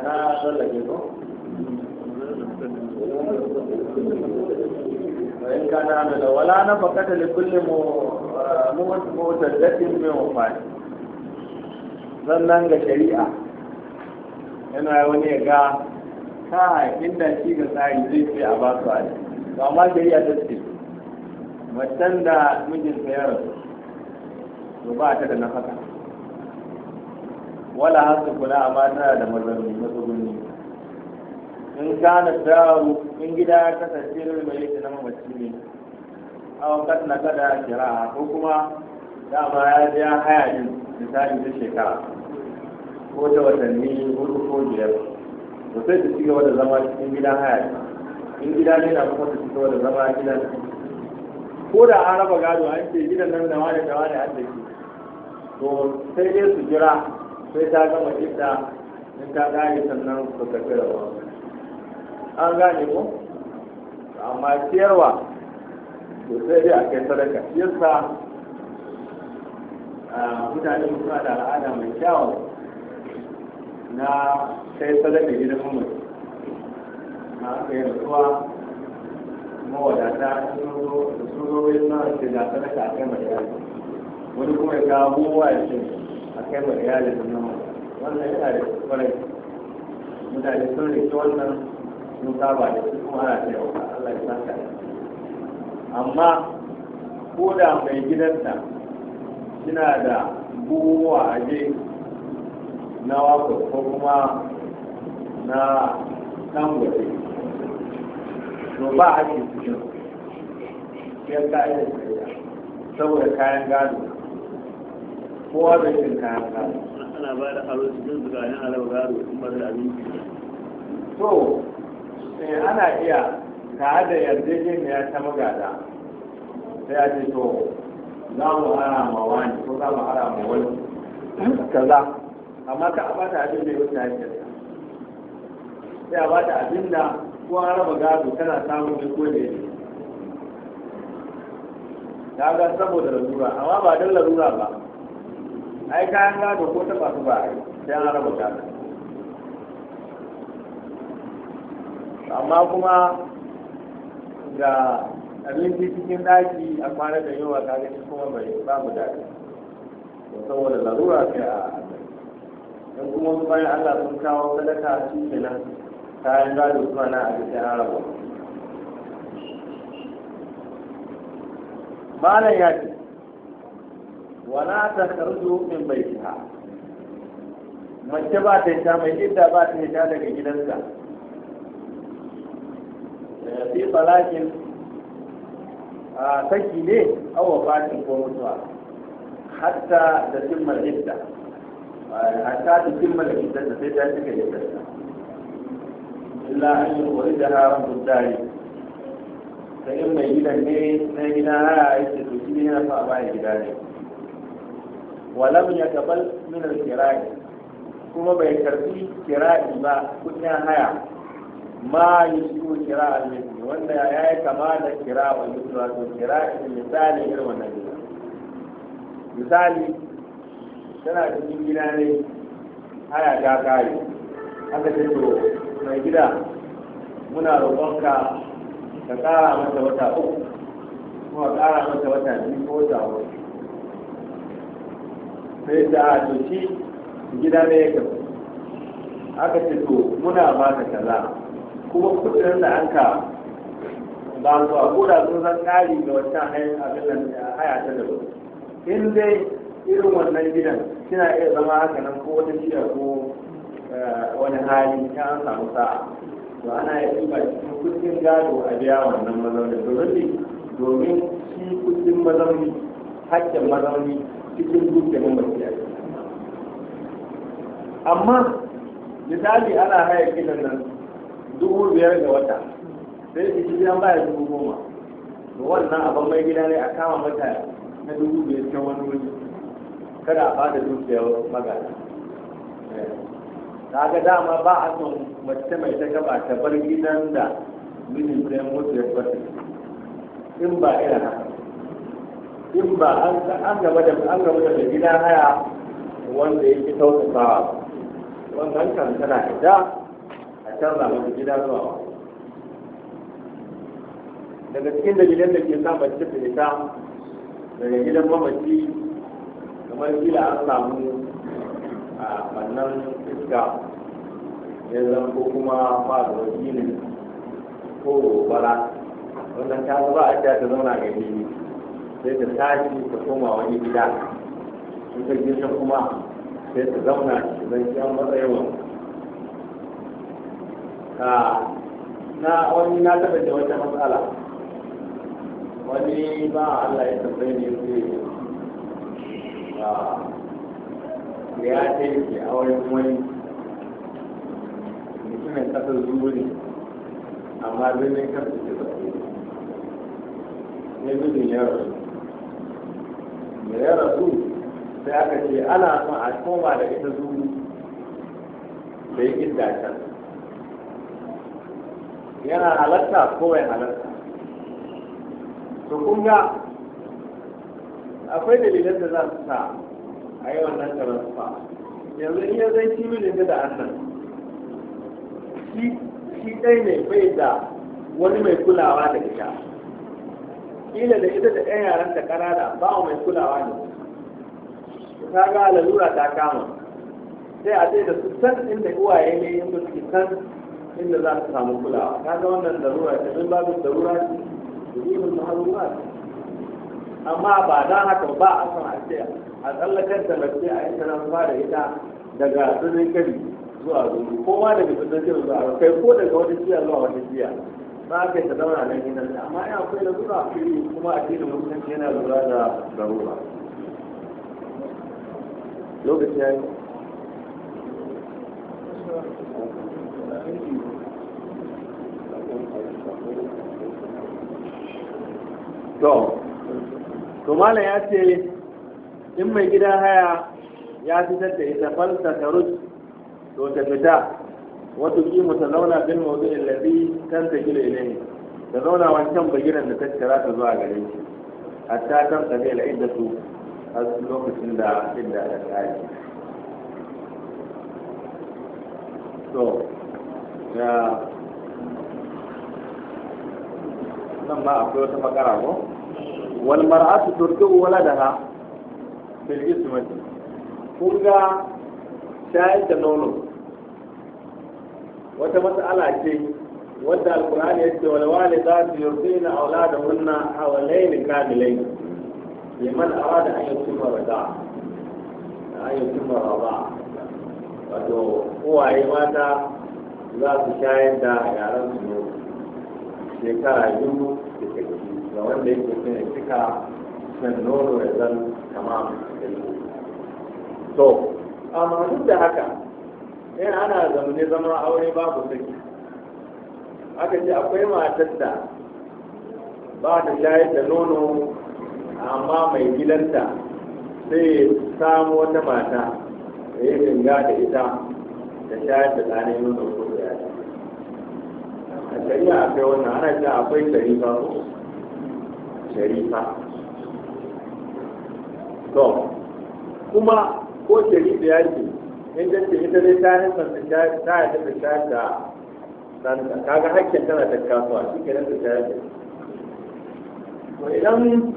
na tsallake ko
وإن كان عملا ولا
نفقة لكل متدة من وفاة sannan ga shari'a yana wani ya ga kai inda shi ga tsari zai fi a ba su aji to amma shari'a ta ce macen da mijin ya rasu to ba ta da nafaka wala hasu kula a amma tana da mazan matsuguni in kana daru in gida ya kasance lil mayyit na mamaci ne aw kad na kada kira ko kuma dama ya je ya haya ne misali ta shekara ko ta watanni hudu ko biyar to sai ta cigaba da zama cikin gidan haya in gida ne na kuma ta cigaba da zama gidan ko da an raba gado an ce gidan nan da wani da wani an da ke to sai dai su jira sai ta gama gidda in ta gane sannan su tafi da wani an gane ko amma ciyarwa to sai dai a kai sadaka shi yasa mutane suna da al'ada mai kyawu na kai sadaka gidan mamaye na aka yi rasuwa mawadata sun zo yin na ce da sadaka a kai mai yaji wani kuma ya kawo buwa ya ce a kai mai yaji da nan wannan yana da kwarai mutane sun rike wannan sun saba da su kuma ana cewa Allah ya saka amma ko da mai gidanta suna da
buwa
aje na wako ko kuma na tangote to ba a ke cikin sai kayan saboda kayan gado kowa bai cin kayan gado ana ba da aro cikin zuga ne alaba gado in ba da abinci to Eh, ana iya tare da yarjejeniya ta magada sai a ce to za mu harama wani ko za mu harama wani kaza amma ka a bata abin da ya wuce hankali sai a bata abin da ko an raba gado tana samun duk wanda ya ta ga saboda larura amma ba don larura ba ai kayan gado ko taba su ba sai an raba gado amma kuma ga abinci cikin ɗaki a kwana da yawa ta gani kuma bai ba mu daɗi saboda larura sai a in kuma su bayan Allah sun kawo sadaka su ke nan kayan gado suna na a cikin arabu malam ya ce wala ta karzo min bai mace ba ta yi ta mai gida ba ta yi ta daga gidansa fi talakin saki ne awa fatin ko mutuwa hatta da timmar idda hatta da timmar idda da sai ta cika idda illa an yi kori da haram buddari ta in mai gidan ne na gida haya aiki to shi ne na fa bayan gida ne walam ya kabal min al-kira'i kuma bai karbi kira'i ba kudin haya ma su kira al-mithli wanda ya yi kama da kira wa yusu wato kira misali irin wannan gida misali tana cikin gida ne haya ta kare aka ce to mai gida muna roƙonka ka ƙara mata wata uku kuma ƙara mata wata biyu ko wata uku sai ta to shi gida ne ya aka ce to muna ba ta kaza kuma kudin da an ka ba su a koda sun san kari ga wancan hayan abin da haya ta da in dai irin wannan gidan suna iya zama haka nan ko wata jiya ko eh, wani hali ta an samu sa'a to ana iya ba cikin kudin gado a biya wannan mazaunin domin domin shi kudin mazauni hakkin mazauni cikin dukkan mamaciya amma misali ana haya gidan nan dubu biyar ga wata sai da shi an baya dubu goma to wannan abin mai gida ne a kama mata na dubu biyar cikin wani wuri kada a bada dukiyar magana ta eh, ga dama ba a son mace mai ta gaba ta bar gidan da mijin ta mutu ya bata in ba ina haka in ba an gaba da an gaba da gida haya wanda yake tausasawa wannan kan tana da. canza mata gida zuwa wa daga cikin dalilan da ke sa mace ta fita daga gidan mamaci kamar kila an samu a wannan iska ya ko kuma ba da wakilin ko bara wannan ta zuba a ta zauna ga gini sai ta tashi ta koma wani gida in ta kuma sai ta zauna shi zan kyan matsayin Ah, na wani na taɓa da wata matsala wani ba Allah ya tambaye ne ce ah, ya taimake a wurin wani mutumin ƙasar zuri amma birnin kansa ke zaɓe ne gudun ya rasu da ya rasu sai aka ce ana son a koma da ita zuri da ya ƙin can yana halatta ko bai halatta to kun ga akwai dalilan da za su sa a yi wannan taransifa yanzu iya zai shi mijin da annan shi ɗai ne bai da wani mai kulawa da ita Ila da ita da ɗan yaran ta da ba mai kulawa ne ta ga lalura ta kama sai a ce da su san inda uwaye ne yin da suke san inda za ka samu kulawa ga wannan darura ce min babu darura ce yuhibul muharramat amma ba dan haka ba a san a a tsallakar da mace a ita nan fara ita daga sunan kari zuwa zuru ko ma daga sunan kari zuwa kai ko daga wata jiya zuwa wata jiya ba ka ta zauna nan gidan amma ina akwai fili kuma a cikin mutunci yana lura da darura lokaci ya yi to to mala ya ce in mai gidan haya ya fitar da ita falsa ta to ta fita wata mu ta zauna bin mawudu illabi kan ta gina ne, ta zauna wancan bagiran da ta tattara ta zuwa gare shi ta kan ta zai da su a lokacin da inda ta kare ya nan ma akwai wata makara ko wal mar'atu turdu waladaha bil ismati Kunga ga shayar da nono wata mas'ala ce wadda alqur'ani ya ce wal walidatu yurdina auladahunna hawalayn kamilayn liman arada an yutimma rada'a an yutimma rada'a wato uwaye mata za su shayar da yaran su shekara biyu da kaji ga wanda yake son ya cika shan nono ya zan kama to amma duk da haka yana ana zamane zama aure babu saki aka ce akwai matar da ba ta shayar da nono amma mai gidanta sai samu wata mata da ya dinga da ita da shayar da ɗane nono a shari'a akwai wannan ana cewa akwai sharifa ko sharifa to kuma ko sharifa ya ce in ta ce ita dai ta yi sanda ta yi ta shayar da sanda kaga hakkin tana ta kasuwa shi ke nan ta shayar da to idan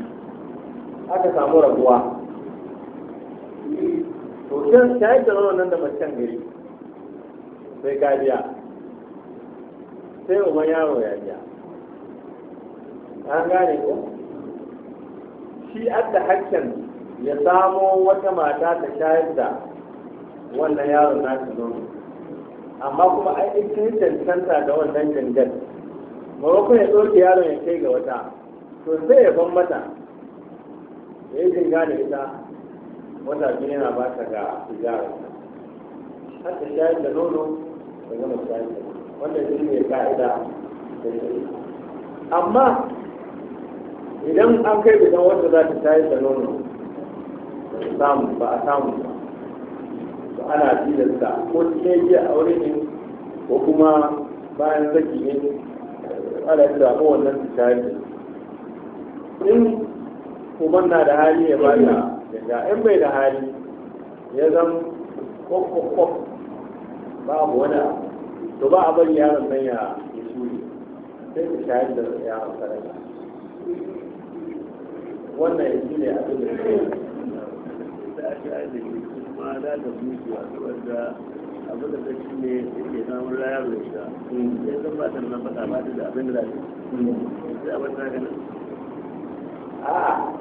aka samu rabuwa to can shayar da nan da macen gari sai kariya sai uban yaro ya biya an gane ko shi adda hakkin ya samo wata mata ta shayar da wannan yaro na nasu nono amma kuma ai in kai cancanta da wannan gangan maimakon ya ɗauke yaron ya kai ga wata to sai ya ban mata ya eh, yi jinga da ita wata biyu yana ba ta ga sigara ta ta shayar da nono da gama shayar da nono wannan shi ne ka'ida amma idan an kai bidan wanda za ta tayi da nono samu ba a samu ba ana tilasta ko cikin yi a aure ne ko kuma bayan zaki ne ana tilasta ko wannan su in kuma na da hali ya ba da daga in bai da hali ya zama kwakwakwa babu wani abu to ba a bari yaron nan ya yi suri sai ku shayar da yaron sadaka wannan ya shi ne abin da ke da shayar da shi kuma da da mutu a wanda abu da ta shi ne ke samun rayar da shi ya zan ba ta nan faɗa ba ta da abin da za ta yi sai abin da ganin a'a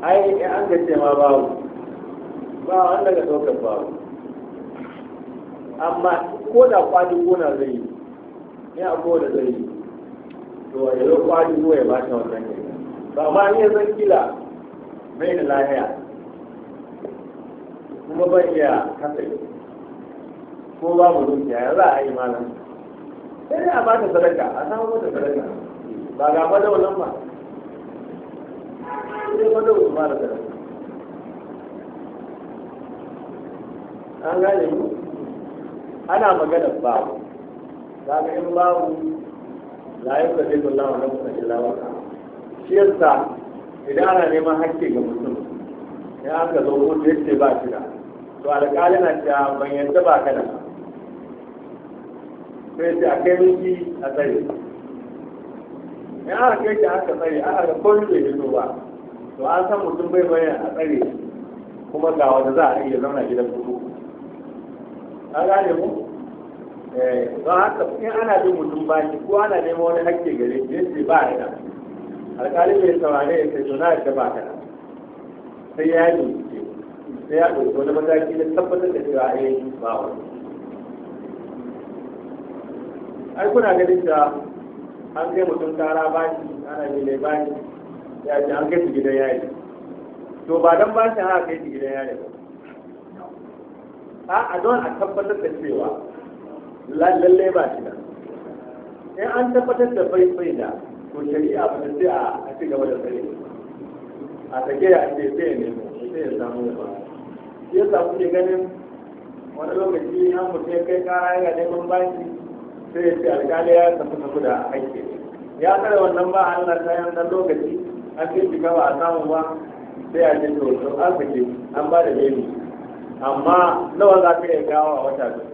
ai an gace ma babu ba wanda ga ɗaukar babu amma ko da kwadin gona zai yi a abuwa da zai yi to a yanzu kwadi gona ya bata ta wannan ne ba ma iya zan kila mai da lahiya kuma ban iya kasa ko ba mu dukiya ya za a yi malam sai a ba ta sadaka a samu wata sadaka ba ga nan ba sai madaunan ba da sadaka an gane mu ana magana babu za ga in babu la yi ka zai lawa na kuma shi lawa shi yasa idan ana neman hakki ga mutum ya aka zo mutu ya ce ba shi da to alƙali na ta ban yadda ba ka da sai ce a kai miki a tsaye ya aka kai shi aka tsaye aka ga kowani bai hito ba to an san mutum bai bayan a tsare kuma ga wanda za a iya zauna gidan kuku an gane mu Eh, don haka in ana bin mutum baki ko ana neman wani hakke gare shi yace ba ya da alƙali bai saurare ya sai zona da ba kana sai ya yi bincike sai ya ɗauki wani mataki na tabbatar da cewa a eh, yi ba wani ai kuna ganin da an kai mutum kara baki ana bi mai baki ya ce an kai su gidan yayi to ba don ba shi haka kai su gidan yayi ba a a don a tabbatar da cewa lallai ba shi da in an tabbatar da faifai da to shari'a ba sai a ci gaba da sai a take ya ce sai ya nemo sai ya samu ba shi yasa kuke ganin wani lokaci an mutu ya kai kara yana neman baki sai ya ce alƙali ya tafi tafi da aiki. ya tsare wannan ba Allah ta yi wannan lokaci an ce jika ba a samu ba sai a ce to an an ba da beli amma nawa za ka iya kawo a wata biyu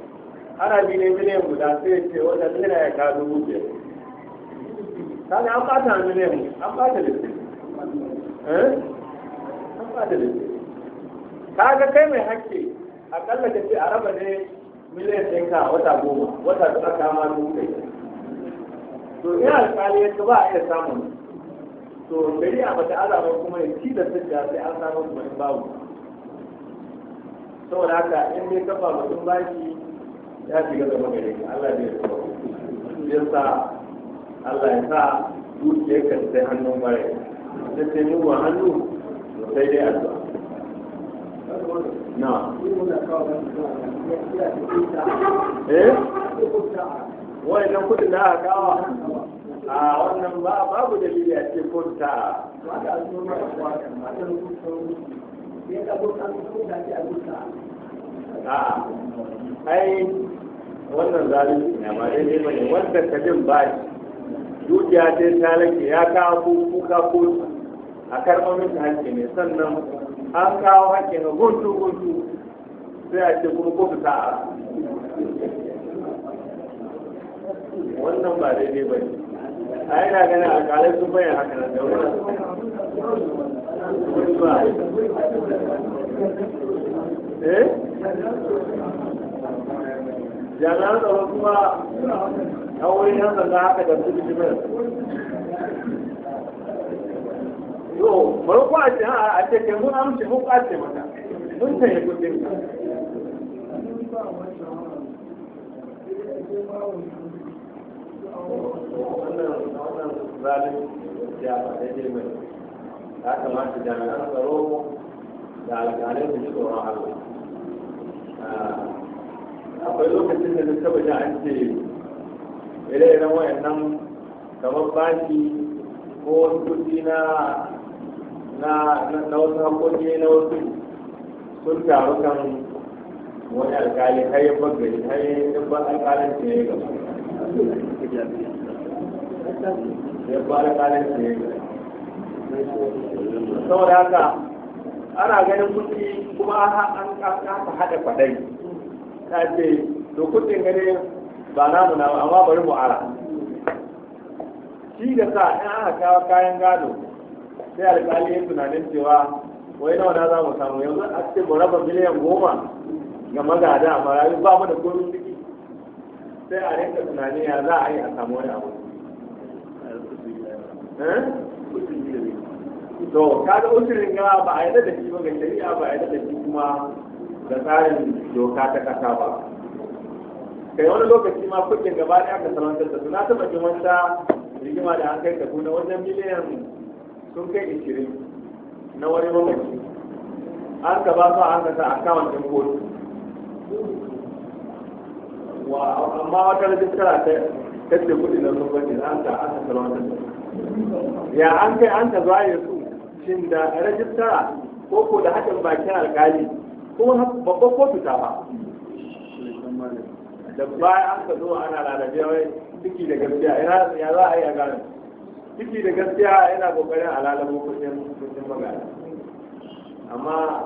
ana bi ne miliyan guda sai ya ce wata naira ya ka dubu ta ne an bata miliyan an bata da eh? an bata lissi kai mai hakki akalla ka ce a raba ne miliyan ka wata goma wata tara ma dubu ɗaya to ina alƙali yadda ba a iya samun to gari a bata azaba kuma ya ci da sirga sai an samun kuma in babu saboda haka in dai kafa mutum baki ya shiga da magare ka Allah bai so ya sa Allah ya sa dukiyar ka sai hannun bare da sai mu ba hannu sai dai addu'a na eh wai nan kudin da aka kawo a wannan ba babu dalili a ce kunta ya ka gusa da ake a a'a ai wannan zalunci na ba dai-dai ba ne wanda ka jin ba shi dukiya ta yi talake ya kawo kuka kotu a karɓar miki hakki ne sannan an kawo hakki na guntu guntu sai a ce kuma kotu ta a wannan ba daidai ba ne a yana ganin alƙalai sun bayan haka na da wani
eh jami'an tsaro kuma
a wurin yan sanda haka da su bijimin yo bari ko a ce a ce ke mun amince mun kwace mata mun tanye kudin ka wannan zalim ya ba daidai ya kamata jami'an tsaro da alƙalai su ji tsoron Allah akwai lokacin da duk taba an ce ire-iren wayannan kamar baki ko wasu kuɗi na na wasu hakoki na wasu sun taru kan wani alkali har yi bagari har yi dabban alkalin ce ya gaba dabban alkalin ce ya gaba saboda haka ana ganin kuɗi kuma an kasa haɗa kwaɗai ta ce to kuɗin gane ba namu na amma bari mu ara shi da sa ɗan aka kawo kayan gado sai alƙali ya tunanin cewa wai nawa na za mu samu yanzu a ce mu raba miliyan goma ga magada a marayu ba mu da komi ciki sai a rinka tunani ya za a yi a samu wani abu eh? to kaga usulin gaba ba a yarda da shi ba ga shari'a ba a yarda da shi kuma da tsarin doka ta kasa ba kai wani lokaci ma kudin gaba ɗaya aka salantar da su na taɓa jin wata rigima da an kai ta kuna wajen miliyan sun kai ishirin na wani lokaci an ka ba su an ka sa akawun ɗin kotu amma wata rajistara ta kace kudi na sun kwanci an ka an ka salantar da ya an kai an ka zuwa su shin da rajista ko ko da hakan bakin alkali ko babban kotu ta ba da ba an ka zo ana lalabe wai ciki da gaskiya ina ya za a yi a gane ciki da gaskiya yana kokarin alalabo kudin kudin magana amma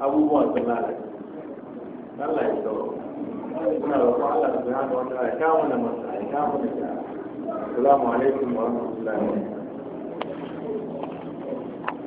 abubuwan sun lalace Allah ya tsawo muna roƙon Allah subhanahu wa ta'ala ya kawo mana masa ya kawo mana
Assalamu alaikum wa rahmatullahi wa barakatuh